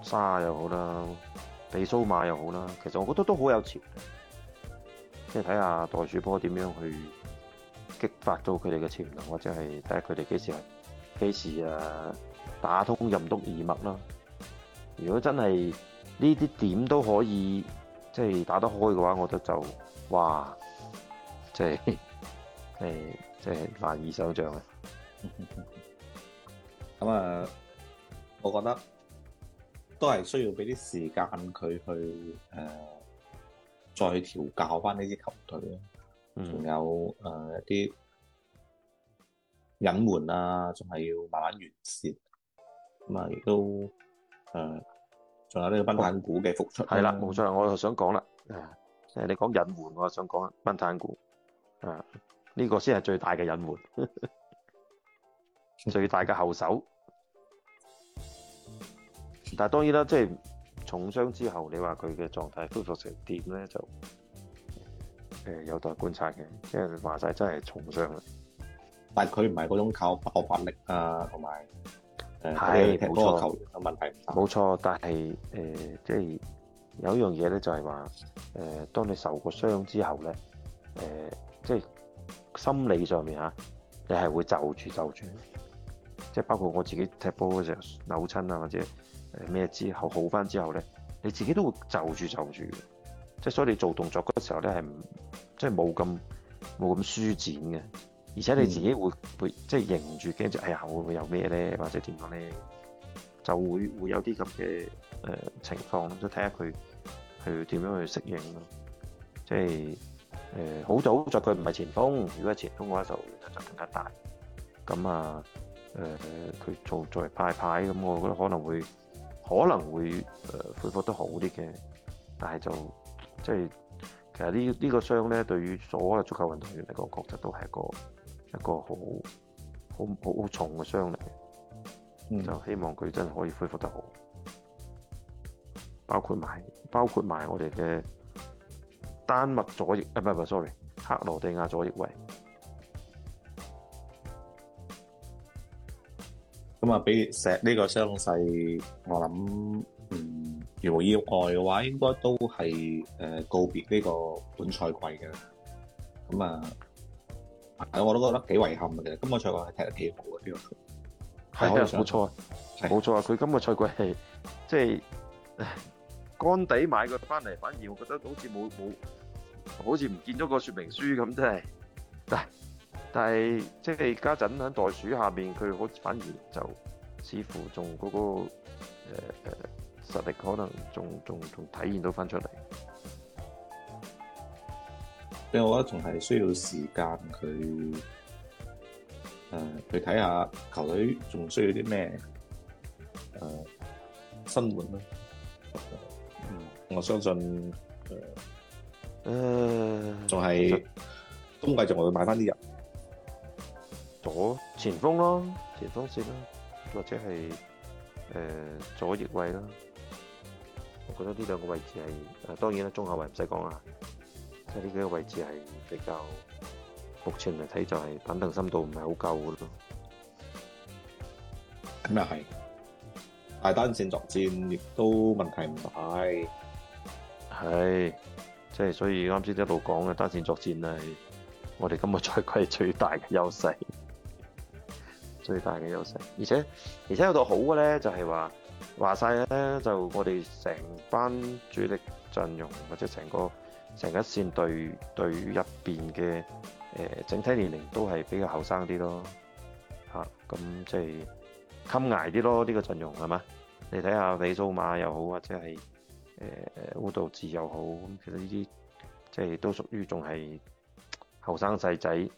沙又好啦，地蘇馬又好啦，其實我覺得都好有潛力。即係睇下袋鼠波點樣去激發到佢哋嘅潛能，或者係睇下佢哋幾時係幾時誒、啊、打通任督二脈啦。如果真係呢啲點都可以。即係打得開嘅話，我覺得就哇，即係誒，即係難以想像嘅。咁啊，我覺得都係需要俾啲時間佢去誒、呃，再調教翻呢支球隊咯。仲、嗯、有誒、呃、一啲隱瞞啊，仲係要慢慢完善。咁啊，亦都。誒、呃。仲有個呢個崩探股嘅復出係啦，冇、嗯、錯，我就想講啦，誒，你講隱患，我就想講崩探股，啊，呢、這個先係最大嘅隱患，最大嘅後手。 但係當然啦，即、就、係、是、重傷之後，你話佢嘅狀態恢復成點咧，就誒有待觀察嘅。即係話晒真係重傷啦，但係佢唔係嗰種靠爆發力啊，同埋。係，冇錯，球員嘅問題。冇錯，但係誒、呃，即係有一樣嘢咧，就係話誒，當你受過傷之後咧，誒、呃，即係心理上面嚇、啊，你係會就住就住。即係包括我自己踢波嗰陣扭親啊，或者誒咩之後，後好翻之後咧，你自己都會就住就住嘅。即係所以你做動作嗰時候咧係唔，即係冇咁冇咁舒展嘅。而且你自己會、嗯、會即係凝住驚就哎呀會唔會有咩咧？或者點講咧？就會會有啲咁嘅誒情況咯。都睇下佢佢點樣去適應咯。即係誒好早就，佢唔係前鋒。如果係前鋒嘅話，就就更加大咁啊。誒、呃、佢做作為派派，咁，我覺得可能會可能會誒恢復得好啲嘅。但係就即係其實這、這個、傷呢呢個傷咧，對於所有足球運動員嚟講，確實都係一個，一個好好好好重嘅傷嚟，就希望佢真係可以恢復得好。包括埋包括埋我哋嘅丹麥左翼啊，唔唔，sorry，克羅地亞左翼位。咁啊，比石呢個傷勢，我諗嗯，如無意外嘅話，應該都係誒告別呢個本賽季嘅。咁啊。我都覺得幾遺憾嘅。今個賽季係踢得幾好嘅，呢個係啊，冇錯啊，冇錯啊。佢今個賽季係即係干底買佢翻嚟，反而我覺得好似冇冇，好似唔見咗個說明書咁，真係。但係，但係即係家陣喺袋鼠下邊，佢好反而就似乎仲嗰個誒、呃、實力可能仲仲仲體現到翻出嚟。咁我覺得仲係需要時間去，誒佢睇下球隊仲需要啲咩，誒新援啦。我相信誒仲係冬季仲會買翻啲人，左前鋒咯，前鋒線啦，或者係誒左翼位啦。我覺得呢兩個位置係誒當然啦，中後衞唔使講啦。呢幾個位置係比較，目前嚟睇就係板凳深度唔係好夠咯。咁又係，但係單線作戰亦都問題唔大。係，即係所以啱先一路講嘅單線作戰係我哋今個賽季最大嘅優勢，最大嘅優勢。而且而且有套好嘅咧，就係話，話晒咧，就我哋成班主力陣容或者成個。成一線隊隊入邊嘅誒整體年齡都係比較後生啲咯，嚇咁即係襟捱啲咯，呢個陣容係嘛？你睇下比蘇馬又好，或者係誒誒烏度治又好，咁其實呢啲即係都屬於仲係後生細仔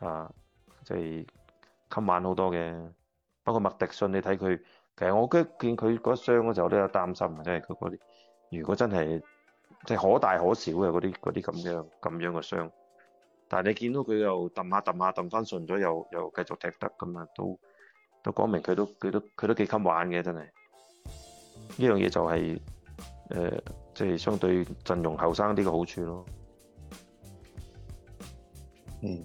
啊，即係襟玩好多嘅。不過麥迪信你睇佢，誒我今日見佢嗰一雙嗰陣，我都有擔心啊，即係佢嗰啲如果真係～即、就、係、是、可大可小嘅嗰啲嗰啲咁樣咁樣嘅傷，但係你見到佢又揼下揼下揼翻順咗，又又繼續踢得咁啊，都都講明佢都佢都佢都幾襟玩嘅，真係呢樣嘢就係、是、誒，即、呃、係、就是、相對陣容後生啲嘅好處咯。嗯，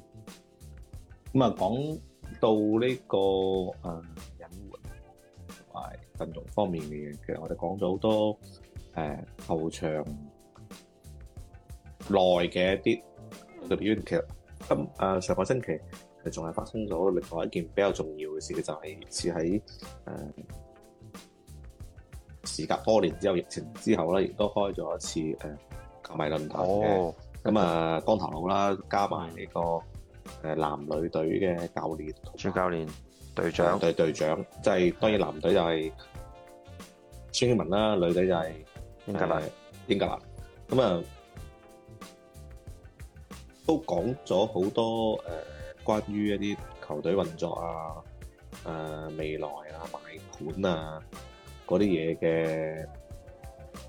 咁、這個、啊，講到呢個誒，人腳同埋陣容方面嘅嘢，其實我哋講咗好多誒、啊、球場。內嘅一啲，例表其實咁，誒上個星期仲係發生咗另外一件比較重要嘅事嘅，就係似喺誒時隔多年之後疫情之後咧，亦都開咗一次誒球迷論壇嘅。咁、哦、啊，光、嗯嗯嗯、頭佬啦，加埋呢個誒男女隊嘅教練，主、嗯、教練隊長，隊隊長，即、嗯、係、就是嗯、當然男隊就係孫興慜啦，女隊就係英格蘭，英格蘭。咁、呃、啊～都講咗好多誒、呃，關於一啲球隊運作啊、誒、呃、未來啊、買盤啊嗰啲嘢嘅，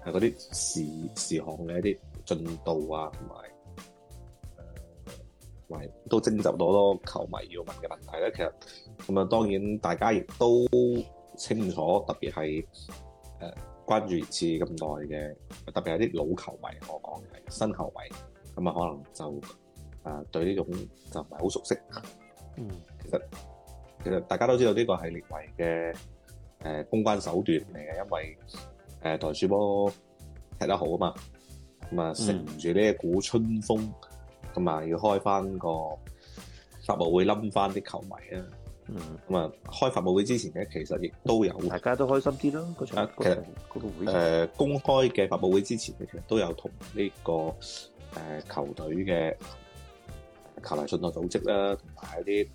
係嗰啲事事項嘅一啲進度啊，同埋同埋都徵集到好多球迷要問嘅問題咧、啊。其實咁啊，當然大家亦都清楚，特別係誒關注熱刺咁耐嘅，特別係啲老球迷我講嘅，係新球迷咁啊，可能就。啊！對呢種就唔係好熟悉。嗯，其實其實大家都知道呢個係聯衞嘅誒公關手段嚟嘅，因為誒台主波踢得好啊嘛，咁、嗯、啊，食唔、嗯、住呢一股春風，咁、嗯、埋要開翻個發佈會，冧翻啲球迷啊。嗯，咁啊，開發佈會之前呢，其實亦都有大家都開心啲啦。嗰場嗰個、嗰個會呃、公開嘅發佈會之前呢，其實都有同呢、呢個誒、呃、球隊嘅。球迷信託組織啦，同埋一啲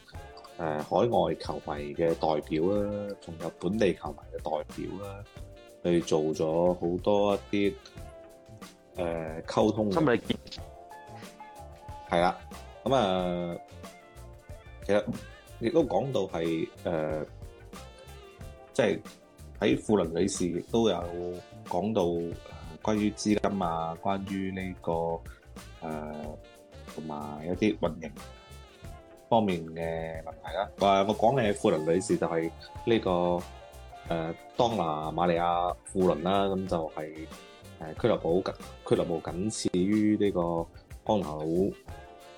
誒海外球迷嘅代表啦，仲有本地球迷嘅代表啦，去做咗好多一啲誒溝通嘅。心理建設係啦，咁啊，其實亦都講到係誒，即係喺富倫女士亦都有講到關於資金啊，關於呢個誒。同埋有啲運營方面嘅問題啦、啊。我講嘅富倫女士就係呢、這個誒，當娜瑪利亞富倫啦。咁、嗯、就係誒俱樂部，俱樂部僅次於呢個安納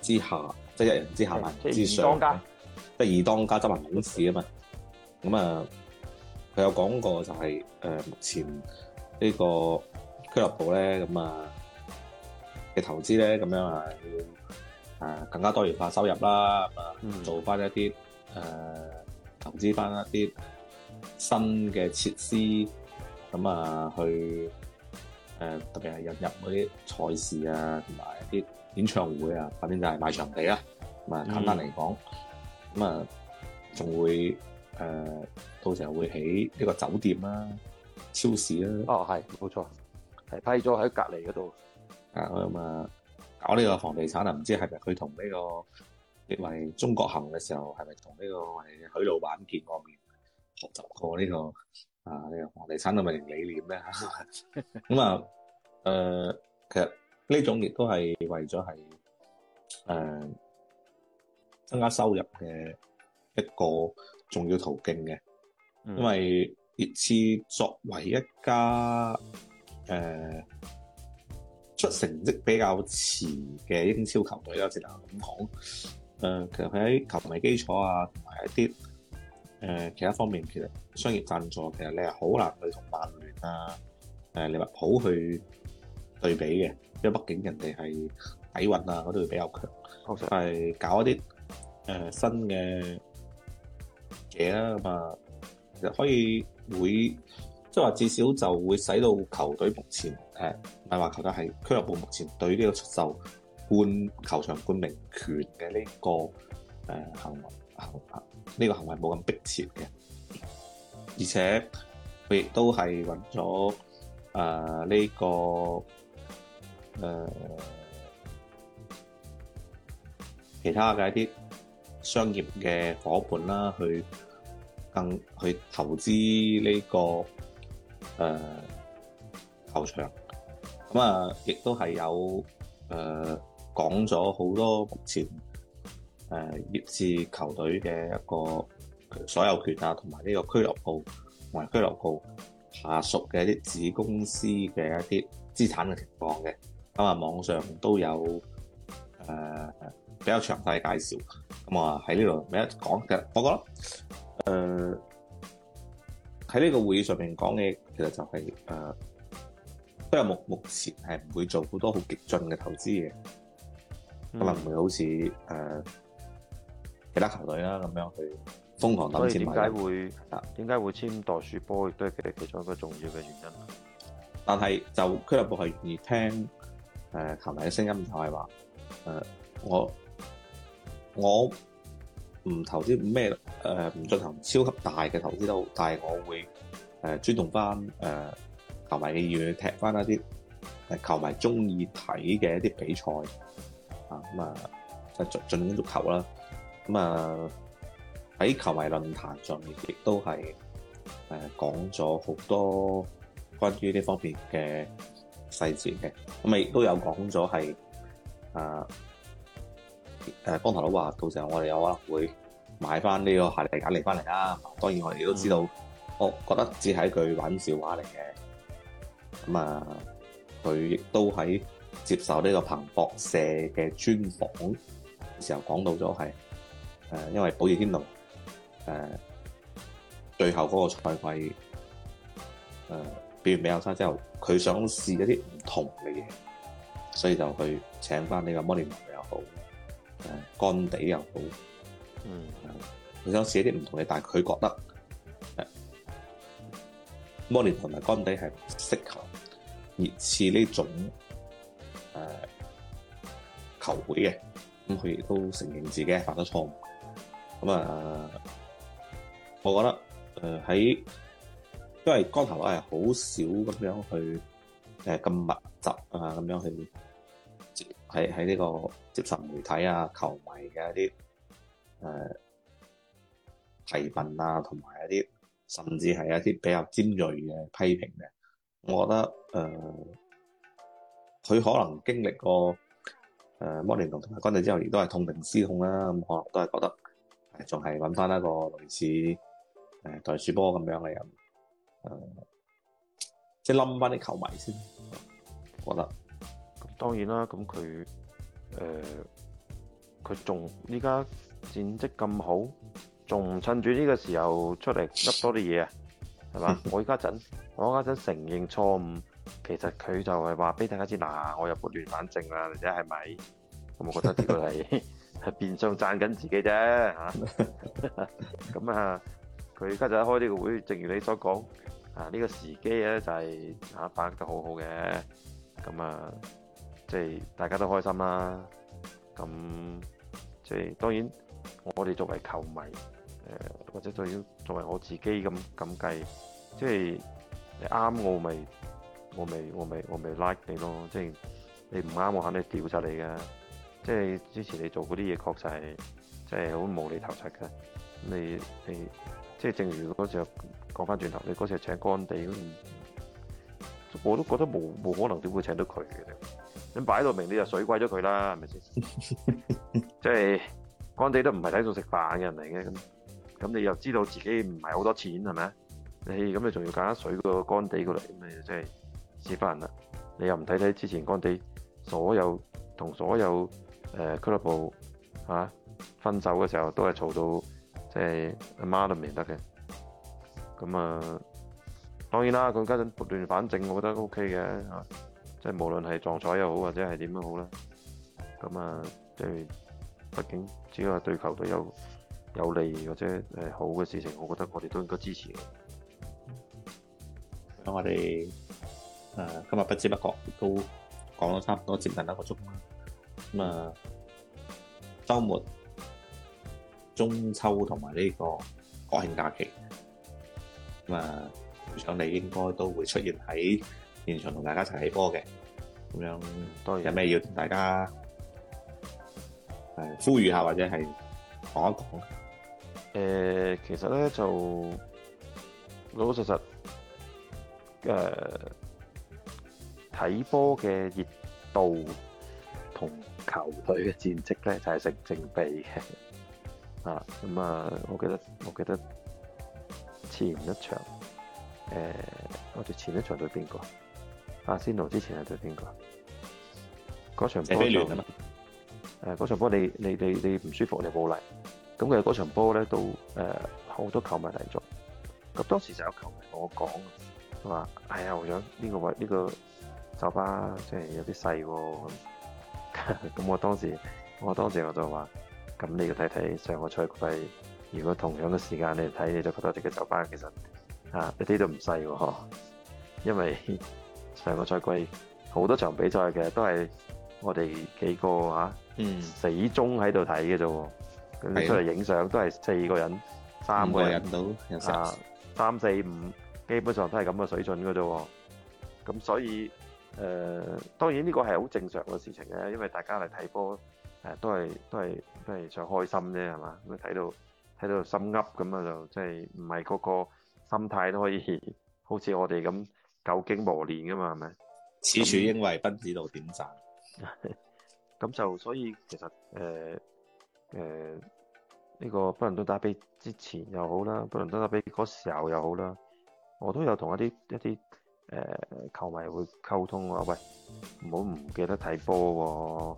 之下，嗯、即係一人之下、嗯、萬人之上，即二當家，即係二當家執行董事啊嘛。咁啊，佢、呃、有講過就係、是呃、目前這個區立呢個俱樂部咧，咁啊嘅投資咧，咁樣啊要。誒更加多元化收入啦、嗯，做翻一啲誒、呃、投資翻一啲新嘅設施，咁、嗯、啊去誒、呃、特別係引入嗰啲賽事啊，同埋啲演唱會啊，反正就係賣場地啦、啊。咁、嗯、啊簡單嚟講，咁啊仲會誒、呃、到時候會起一個酒店啦、啊、超市啦、啊。哦，係冇錯，係批咗喺隔籬嗰度。啊、嗯、嘛～、嗯嗯搞呢個房地產啊？唔知係咪佢同呢個亦為中國行嘅時候，係咪同呢個許老闆見過面，學習過呢、呢個啊呢、呢個房地產嘅經營理念咧嚇？咁啊誒，其實呢種亦都係為咗係誒增加收入嘅一個重要途徑嘅，因為熱刺作為一家誒，呃出成績比較遲嘅英超球隊啦，只能咁講。誒、呃，其實佢喺球迷基礎啊，同埋一啲誒、呃、其他方面，其實商業贊助其實你係好難去同曼聯啊、誒利物浦去對比嘅，因為畢竟人哋係底蘊啊嗰度比較強，係、okay. 搞一啲誒、呃、新嘅嘢啦咁啊，就可以會。即係話，至少就會使到球隊目前誒，唔係話球隊係俱樂部目前對呢個出售冠球場冠名權嘅呢個誒行為行呢個行為冇咁迫切嘅，而且佢亦都係揾咗誒呢個誒、呃、其他嘅一啲商業嘅伙伴啦，去更去投資呢、呢個。誒、呃，球場咁啊，亦，、嗯、都係有誒講咗好多目前誒，熱、呃、刺球隊嘅一個所有權啊，同埋呢個俱樂部同埋俱樂部下屬嘅一啲子公司嘅一啲資產嘅情況嘅，咁、嗯、啊網上都有誒、呃、比較詳細介紹，咁啊喺呢度未一講嘅，我覺得誒喺呢個會議上面講嘅。其實就係、是、誒，都有目目前係唔會做好多好激進嘅投資嘅、嗯，可能唔會好似誒、呃、其他球隊啦咁樣去瘋狂抌錢。所以點解會？點、啊、解會簽袋鼠波？亦都係其其中一個重要嘅原因。但係就俱樂部係願意聽誒球迷嘅聲音，就係話誒我、呃、我唔投資咩誒，唔進行超級大嘅投資都，但係我會。誒尊重翻誒、呃、球迷嘅意願，踢翻一啲誒球迷中意睇嘅一啲比賽啊，咁啊，就、嗯啊、進攻足球啦咁、嗯、啊喺球迷論壇上面亦都係誒、呃、講咗好多關於呢方面嘅細節嘅，咁、嗯、亦、嗯、都有講咗係啊誒光頭佬話到時候我哋有可能會買翻呢個夏利簡歷翻嚟啦，當然我哋都知道、嗯。我覺得只係一句玩笑話嚟嘅，咁、嗯、啊，佢亦都喺接受呢個彭博社嘅專訪嘅時候講到咗係，誒、啊，因為普捷天奴，誒、啊，最後嗰個賽季，誒、啊，表現比較差之後，佢想試一啲唔同嘅嘢，所以就去請返呢個摩連奴又好，誒、啊，幹地又好，嗯，佢、啊、想試一啲唔同嘅，但係佢覺得，誒、啊。摩連同埋乾底係適合熱刺呢種誒、呃、球會嘅，咁佢亦都承認自己犯咗錯誤。咁、嗯、啊、呃，我覺得誒喺、呃、因為光頭佬係好少咁樣去誒咁、呃、密集啊咁樣去接喺喺呢個接受媒體啊、球迷嘅一啲誒提問啊，同埋一啲。甚至係一啲比較尖銳嘅批評嘅，我覺得誒，佢、呃、可能經歷過誒摩、呃、連奴同埋瓜迪之後，亦都係痛定思痛啦，咁可能都係覺得，仲係揾翻一個類似誒袋鼠波咁樣嘅人，誒、呃，即係冧翻啲球迷先，我覺得，咁當然啦，咁佢誒，佢仲依家戰績咁好。仲唔趁住呢個時候出嚟執多啲嘢啊？係嘛？我依家陣，我依家陣承認錯誤。其實佢就係話俾大家知，嗱、啊，我又撥亂反正啦，或者係咪？我覺得呢個係係變相讚緊自己啫嚇。咁啊，佢而家就開呢個會，正如你所講啊，呢、這個時機咧就係、是、嚇、啊，把握得好好嘅。咁啊，即係大家都開心啦。咁即係當然，我哋作為球迷。或者，作為作為我自己咁咁計，即係你啱，我咪我咪我咪我咪 like 你咯。即係你唔啱，我肯定調查你㗎。即係之前你做嗰啲嘢，確實係即係好無厘頭柒㗎。你你即係正如嗰時候講翻轉頭，你嗰時候請乾地，我都覺得冇冇可能點會請到佢嘅。你擺到明，你就水貴咗佢啦，係咪先？ 即係乾地都唔係睇餸食飯嘅人嚟嘅咁。咁你又知道自己唔係好多錢係咪，你咁你仲要揀一水個乾地嗰度，咁你真係屎忽人啦！你又唔睇睇之前乾地所有同所有誒俱樂部嚇分手嘅時候都係嘈到即係阿媽都唔認得嘅。咁啊，當然啦，佢家陣撥亂反正，我覺得 O K 嘅嚇，即係無論係撞彩又好，或者係點樣好啦。咁啊，即係畢竟只要係對球都有有利或者好嘅事情，我覺得我哋都應該支持的。咁我哋、呃、今日不知不覺都講咗差唔多接近一個鐘。咁啊，週末中秋同埋呢個國慶假期，咁啊，想你應該都會出現喺現場同大家一齊睇波嘅。咁樣多有咩要同大家呼、呃、呼籲一下或者係講一講？誒、呃，其實咧就老老實實誒，睇波嘅熱度同球隊嘅戰績咧就係、是、成正比嘅。啊，咁、嗯、啊，我記得我記得前一場，誒、呃，我哋前一場對邊個？阿仙奴之前係對邊個？嗰場波就誒，嗰、呃、場波你你你你唔舒服你冇嚟。咁佢嗰場波咧，都誒好、呃、多球迷嚟咗。咁當時就有球迷同我講，話：哎呀，我想呢、呢個位呢、呢個酒吧即係有啲細喎、哦。咁 我當時，我當時我就話：咁你要睇睇上個賽季，如果同樣嘅時間你睇，你就覺得呢個酒吧其實啊一啲都唔細喎。因為上個賽季好多場比賽嘅都係我哋幾個嚇、啊嗯、死忠喺度睇嘅啫。咁你出嚟影相都係四個人，三個人到，啊，三四五，基本上都係咁嘅水準㗎啫。咁所以，誒，當然呢個係好正常嘅事情嘅，因為大家嚟睇波，誒，都係都係都係想開心啫，係嘛？咁睇到睇到心噏咁啊，就即係唔係嗰個心態都可以好似我哋咁久經磨練㗎嘛，係咪？鼠鼠因為賓子路點贊，咁就所以其實誒。誒、呃，呢、這個北倫敦打比之前又好啦，北倫敦打比嗰時候又好啦，我都有同一啲一啲誒、呃、球迷會溝通話，喂，唔好唔記得睇波，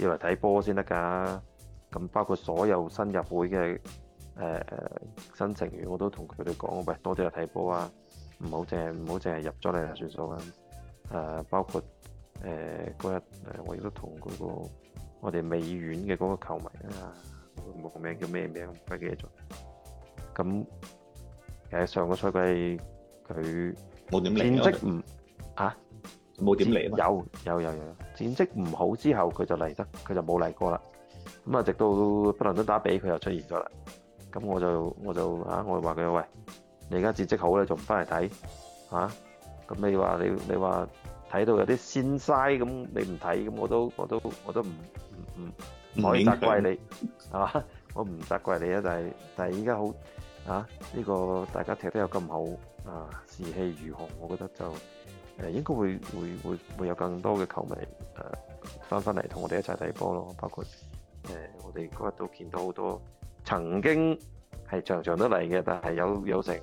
要嚟睇波先得噶。咁包括所有新入會嘅誒新成員，我都同佢哋講，喂，多啲去睇波啊，唔好淨係唔好淨係入咗嚟就算數啦。誒、呃，包括誒嗰日誒，我亦都同佢個。我哋美院嘅嗰個球迷啊，個名叫咩名？唔記得咗。咁誒上個賽季佢戰績唔嚇，冇點嚟啊！有有有有，戰績唔好之後佢就嚟得，佢就冇嚟過啦。咁啊，直到北倫敦打比佢又出現咗啦。咁我就我就啊，我話佢喂，你而家戰績好咧，仲唔翻嚟睇嚇？咁你話你你話？睇到有啲先嘥咁，你唔睇咁，我都我都我都唔唔唔可以責怪你，係嘛、啊？我唔責怪你現在啊，但係但係而家好啊，呢個大家踢得有咁好啊，士氣如虹，我覺得就誒、呃、應該會會會會有更多嘅球迷誒翻翻嚟同我哋一齊睇波咯，包括誒、呃、我哋嗰日都見到好多曾經係場場都嚟嘅，但係有有成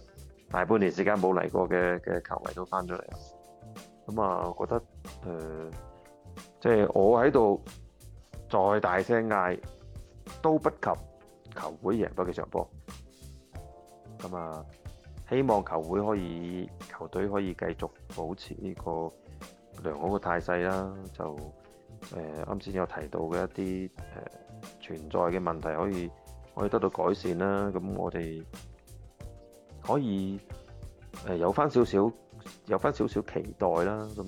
大半年時間冇嚟過嘅嘅球迷都翻咗嚟啦。咁啊，我覺得誒，即、呃、係、就是、我喺度再大聲嗌都不及球會贏得幾場波。咁啊，希望球會可以、球隊可以繼續保持呢個良好嘅態勢啦。就誒，啱、呃、先有提到嘅一啲誒、呃、存在嘅問題，可以可以得到改善啦。咁我哋可以誒、呃、有翻少少。有翻少少期待啦，咁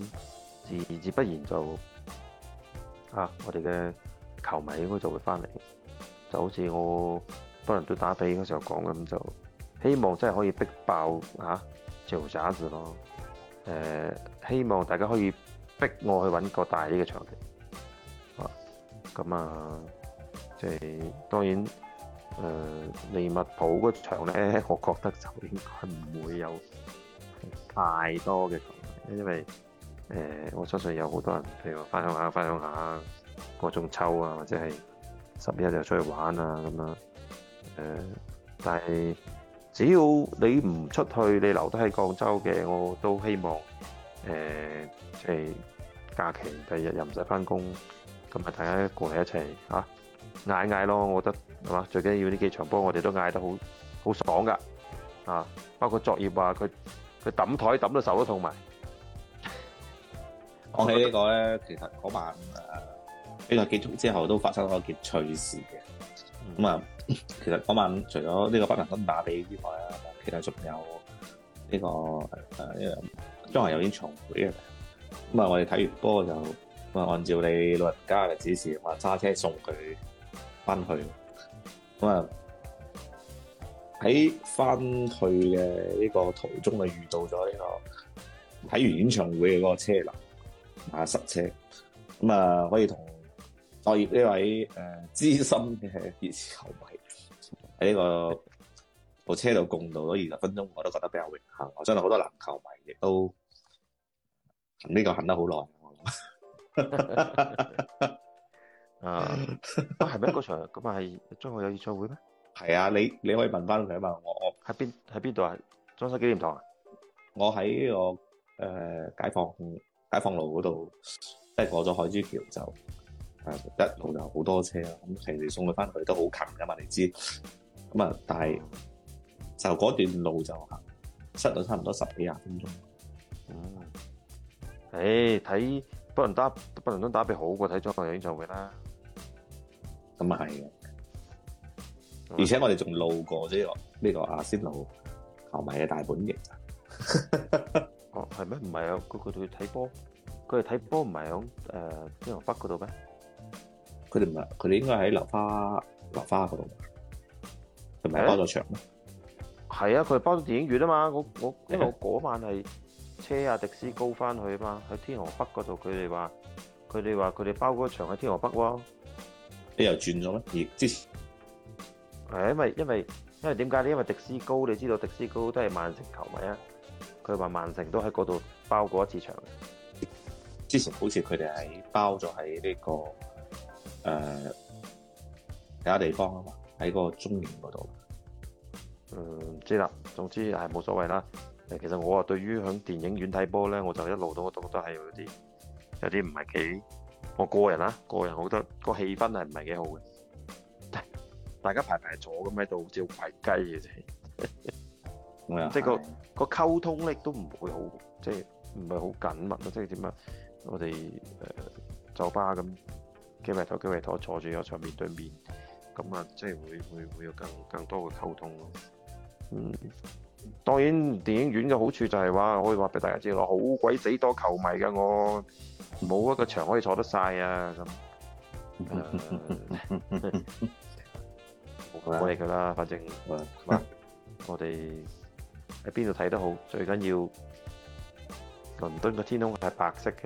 自自不然就啊，我哋嘅球迷應該就會翻嚟，就好似我北倫敦打比嘅時候講咁，就希望真係可以逼爆嚇朝沙子咯。誒、呃，希望大家可以逼我去揾個大啲嘅場地。啊，咁啊，即、就、係、是、當然誒、呃，利物浦個場咧，我覺得就應該唔會有。太多嘅，因為誒、呃，我相信有好多人，譬如話返鄉下，返鄉下各種抽啊，或者係十一就出去玩啊咁樣誒、呃。但係只要你唔出去，你留低喺廣州嘅，我都希望誒，即、呃、係、就是、假期第二日又唔使翻工，咁咪大家過嚟一齊嚇嗌嗌咯。我覺得係嘛，最緊要呢幾場波，我哋都嗌得好好爽噶啊，包括作業啊，佢。佢揼台揼到手都痛埋。講起個呢個咧，其實嗰晚誒，呢、啊，這個結束之後都發生咗件趣事嘅。咁、嗯嗯、啊，其實嗰晚除咗呢個北倫敦打比之外啊，其實仲有呢個誒，因為張華有演唱會嘅啊。咁啊，我哋睇完波就咁啊，按照你老人家嘅指示，話、啊、揸車送佢翻去。咁啊。喺翻去嘅呢個途中啊，遇到咗呢個睇完演唱會嘅嗰個車流啊，塞車咁啊，可以同樂業呢位誒資深嘅熱刺球迷喺呢個部車度共度咗二十分鐘，我都覺得比較榮幸。我相信好多籃球迷亦都呢個行得好耐、 啊。啊，我係咪一個場咁啊？係中國有演唱會咩？係啊，你你可以問翻佢啊嘛，我我喺邊喺邊度啊？中山紀念堂啊？我喺我誒、呃、解放解放路嗰度，即係過咗海珠橋就一路就好多車啦。咁平時送佢翻去都好近噶嘛，你知咁啊？但係就嗰段路就行塞到差唔多十幾廿分鐘。嗯，誒、哎，睇北倫打北倫敦打比好過睇張學友演唱會啦。咁啊係。而且我哋仲路過啫、這個，呢、這個阿仙奴球迷嘅大本營。 哦，係咩？唔係啊，佢佢哋睇波，佢哋睇波唔係響誒天河北嗰度咩？佢哋唔係，佢哋應該喺流花流花嗰度，係咪包咗場？欸？係啊，佢哋、啊、包咗電影院啊嘛！我我因為我嗰晚係車阿、啊、迪斯高翻去啊嘛，喺天河北嗰度，佢哋話佢哋話佢哋包嗰場喺天河北喎，啊。你又轉咗咩？亦即。係，因為因為因為點解咧？因為迪斯高，你知道迪斯高都係曼城球迷啊。佢話曼城都喺嗰度包過一次場。之前好似佢哋係包咗喺呢個誒、呃、其他地方啊嘛，喺個中年嗰度。嗯，唔知啦。總之係冇所謂啦。其實我啊對於喺電影院睇波咧，我就一路都覺得都都係有啲有啲唔係幾。我個人啦，個人我覺得個氣氛係唔係幾好嘅。大家排排坐咁喺度，好似攰雞嘅啫。即係個個溝通咧，都唔會好，即係唔係好緊密。即係點啊？我哋誒酒吧咁幾圍台幾圍台坐住，又坐面對面，咁、嗯、啊，即係會會會有更更多嘅溝通咯。嗯，當然電影院嘅好處就係、是、話， 我可以話俾大家知咯， 好鬼死多球迷㗎，我冇一個場可以坐得晒啊咁。 唔理佢啦，反正，well, yeah. 我哋喺邊度睇都好， 最緊要倫敦嘅天空是白色嘅。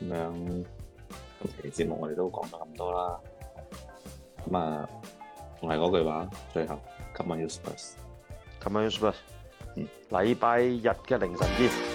咁、okay. 樣，今期節目我哋都講咗咁多啦。咁啊，仲係嗰句話，嗯、最後，Come on you Gunners，Come on you Gunners 嗯，禮拜日嘅凌晨見。